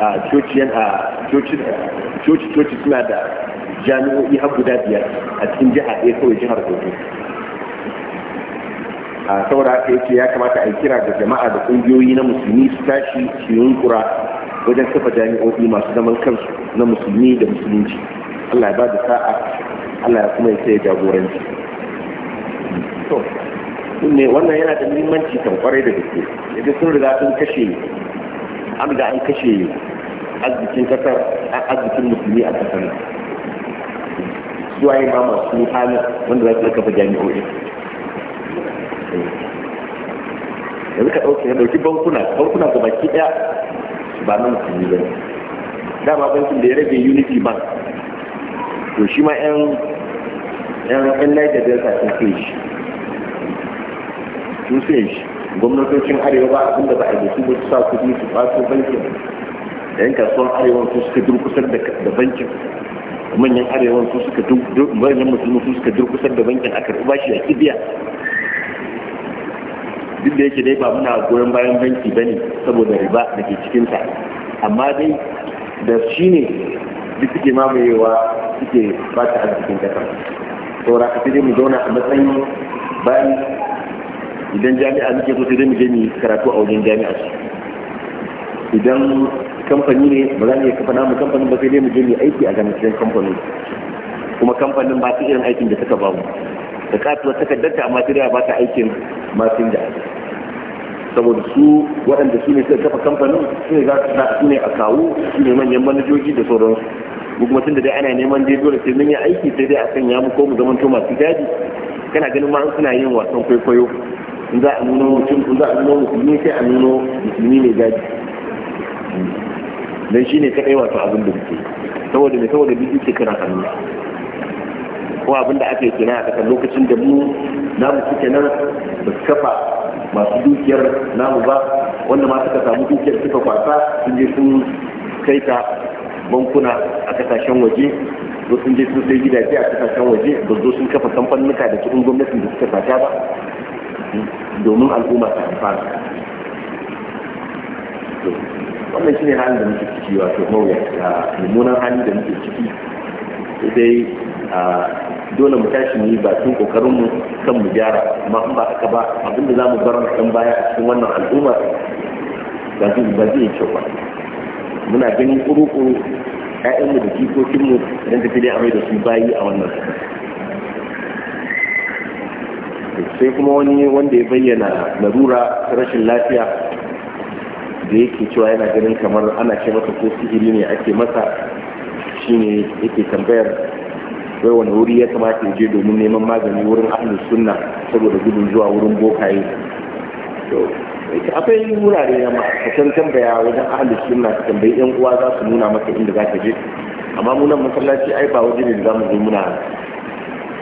S1: a cociyan a coci coci suna da jami'o'i har guda biyar a cikin jiha ɗaya kawai jihar ogun a saboda haka yake ya kamata a yi kira ga jama'a da ƙungiyoyi na musulmi su tashi su yunkura wajen kafa jami'o'i masu zaman kansu na musulmi da musulunci Allah ya ba da sa'a Allah ya kuma ya jagoranci to ne wannan yana da muhimmanci kan kwarai da gaske yadda sun riga sun kashe an riga an kashe arzikin kasar arzikin musulmi a kasar suwaye ma masu halin wanda za su kafa jami'o'i yanzu ka ɗauki ya ɗauki bankuna bankuna ga baki ɗaya ba na musulmi ba dama bankin da ya rage unity bank to shi ma 'yan yan Niger Delta sun sai shi sun sai shi gwamnatocin arewa ba da ba a da wasu ba su sa kudi su faso bankin da yan kasuwan arewa su suka durkusar da bankin manyan arewa su suka durkusar da bankin a karɓi shi a kibiya duk da yake dai ba muna goyon bayan banki ba ne saboda riba da ke cikinta. amma dai da shi ne duk suke mamayewa suke ba ta arzikin kasa saura ka dai mu zauna a matsayin bayan idan jami'a muke so sai dai mu je mu karatu a wajen jami'a idan kamfani ne ba za mu kafa namu kamfanin ba sai dai mu je mu aiki a ganin kamfanin kuma kamfanin ba su irin aikin da suka ba mu da katuwar takardarta amma sai ba ta aikin masinja saboda su waɗanda su ne suka kafa kamfanin su ne za su ne a kawo su ne manyan manajoji da sauransu mu kuma tunda dai ana neman dai dole sai mun yi aiki sai dai a sanya mu ko mu zamanto masu gadi kana ganin ma suna yin wasan kwaikwayo in za a nuno mutum in za a nuno musulmi sai a nuno musulmi ne gadi dan shine kadai wato abin da muke saboda ne saboda duk yake kira kallon ko abin da ake kina a lokacin da mu na mu suke nan ba su kafa masu dukiyar namu ba wanda ma suka samu dukiyar suka kwasa sun je sun kai ta bankuna a kasashen waje zo sun je sun sai gidaje a kasashen waje ba zo sun kafa kamfanuka da cikin gwamnatin da suka sata ba domin al'umma ta amfana wannan shi ne halin da muke ciki wato mawuyar da mummunan halin da muke ciki sai a dole mu tashi mu yi tun kokarin mu kan mu gyara amma in ba aka ba abin da zamu bar kan baya a cikin wannan al'umma ba zai ba zai kyau ba muna ganin kuru-kuru ƴaƴanmu da kikokinmu don tafi dai amai da su bayi a wannan sai kuma wani wanda ya bayyana larura ta rashin lafiya da yake cewa yana ganin kamar ana ce masa ko sihiri ne ake masa shine yake tambayar wai wani wuri ya kamata ya je domin neman magani wurin ahlus sunna saboda gudun zuwa wurin bokaye to akwai wurare na san tambaya wajen ahlus sunna su tambayi yan uwa za su nuna maka inda za ka je amma munan masallaci ai ba waje ne da za mu muna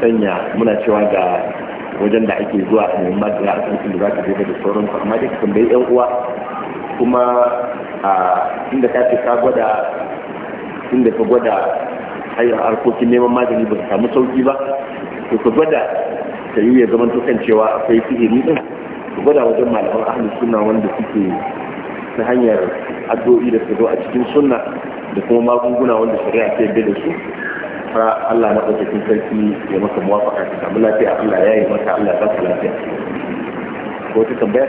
S1: sanya muna cewa ga wajen da ake zuwa a neman magani a kan da za ka je da sauransu amma dai tambayi yan uwa kuma a inda ka ce ka gwada inda ka gwada harkokin neman magani ba su samu sauki ba to ka gwada ta yi ya zama tukan cewa akwai sihiri din ka gwada wajen malaman ahli sunna wanda suke ta hanyar addu'o'i da su zo a cikin sunna da kuma magunguna wanda shari'a ta yarda da su fa Allah na ɗaukakin sarki ya maka muwafaka ka samu lafiya Allah ya yi maka Allah ya ba lafiya ko ta tambaya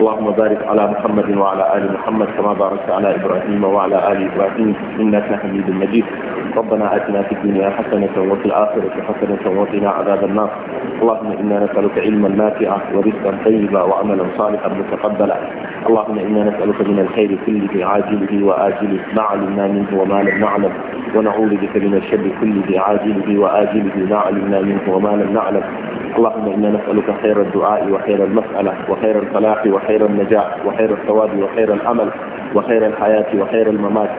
S1: اللهم بارك على محمد وعلى آل محمد كما باركت على إبراهيم وعلى آل إبراهيم إنك حميد مجيد ربنا آتنا في الدنيا حسنة وفي الآخرة حسنة وقنا عذاب النار اللهم إنا نسألك علما نافعا ورزقا طيبا وعملا صالحا متقبلا اللهم إنا نسألك من الخير كله عاجله وآجله ما علمنا منه وما لم نعلم ونعوذ بك من الشر كله عاجله وآجله ما علمنا منه وما لم نعلم اللهم إنا نسألك خير الدعاء وخير المسألة وخير الفلاح وخير خير النجاح وخير الثواب وخير الأمل وخير الحياة وخير الممات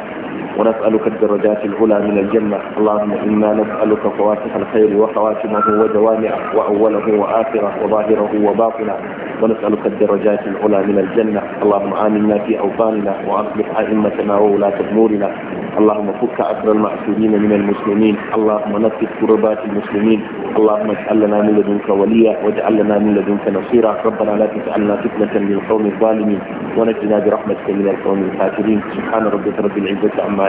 S1: ونسألك الدرجات العلى من الجنة اللهم إنا نسألك فواتح الخير وخواتمه وجوامعه وأوله وآخره وظاهره وباطنه ونسألك الدرجات العلى من الجنة اللهم آمنا في أوطاننا وأصلح أئمتنا وولاة أمورنا اللهم فك أسر المأسورين من المسلمين اللهم نفس كربات المسلمين اللهم اجعل لنا من لدنك وليا واجعل لنا من لدنك نصيرا ربنا لا تجعلنا فتنة للقوم الظالمين ونجنا برحمتك من القوم الكافرين سبحان ربك رب العزة عما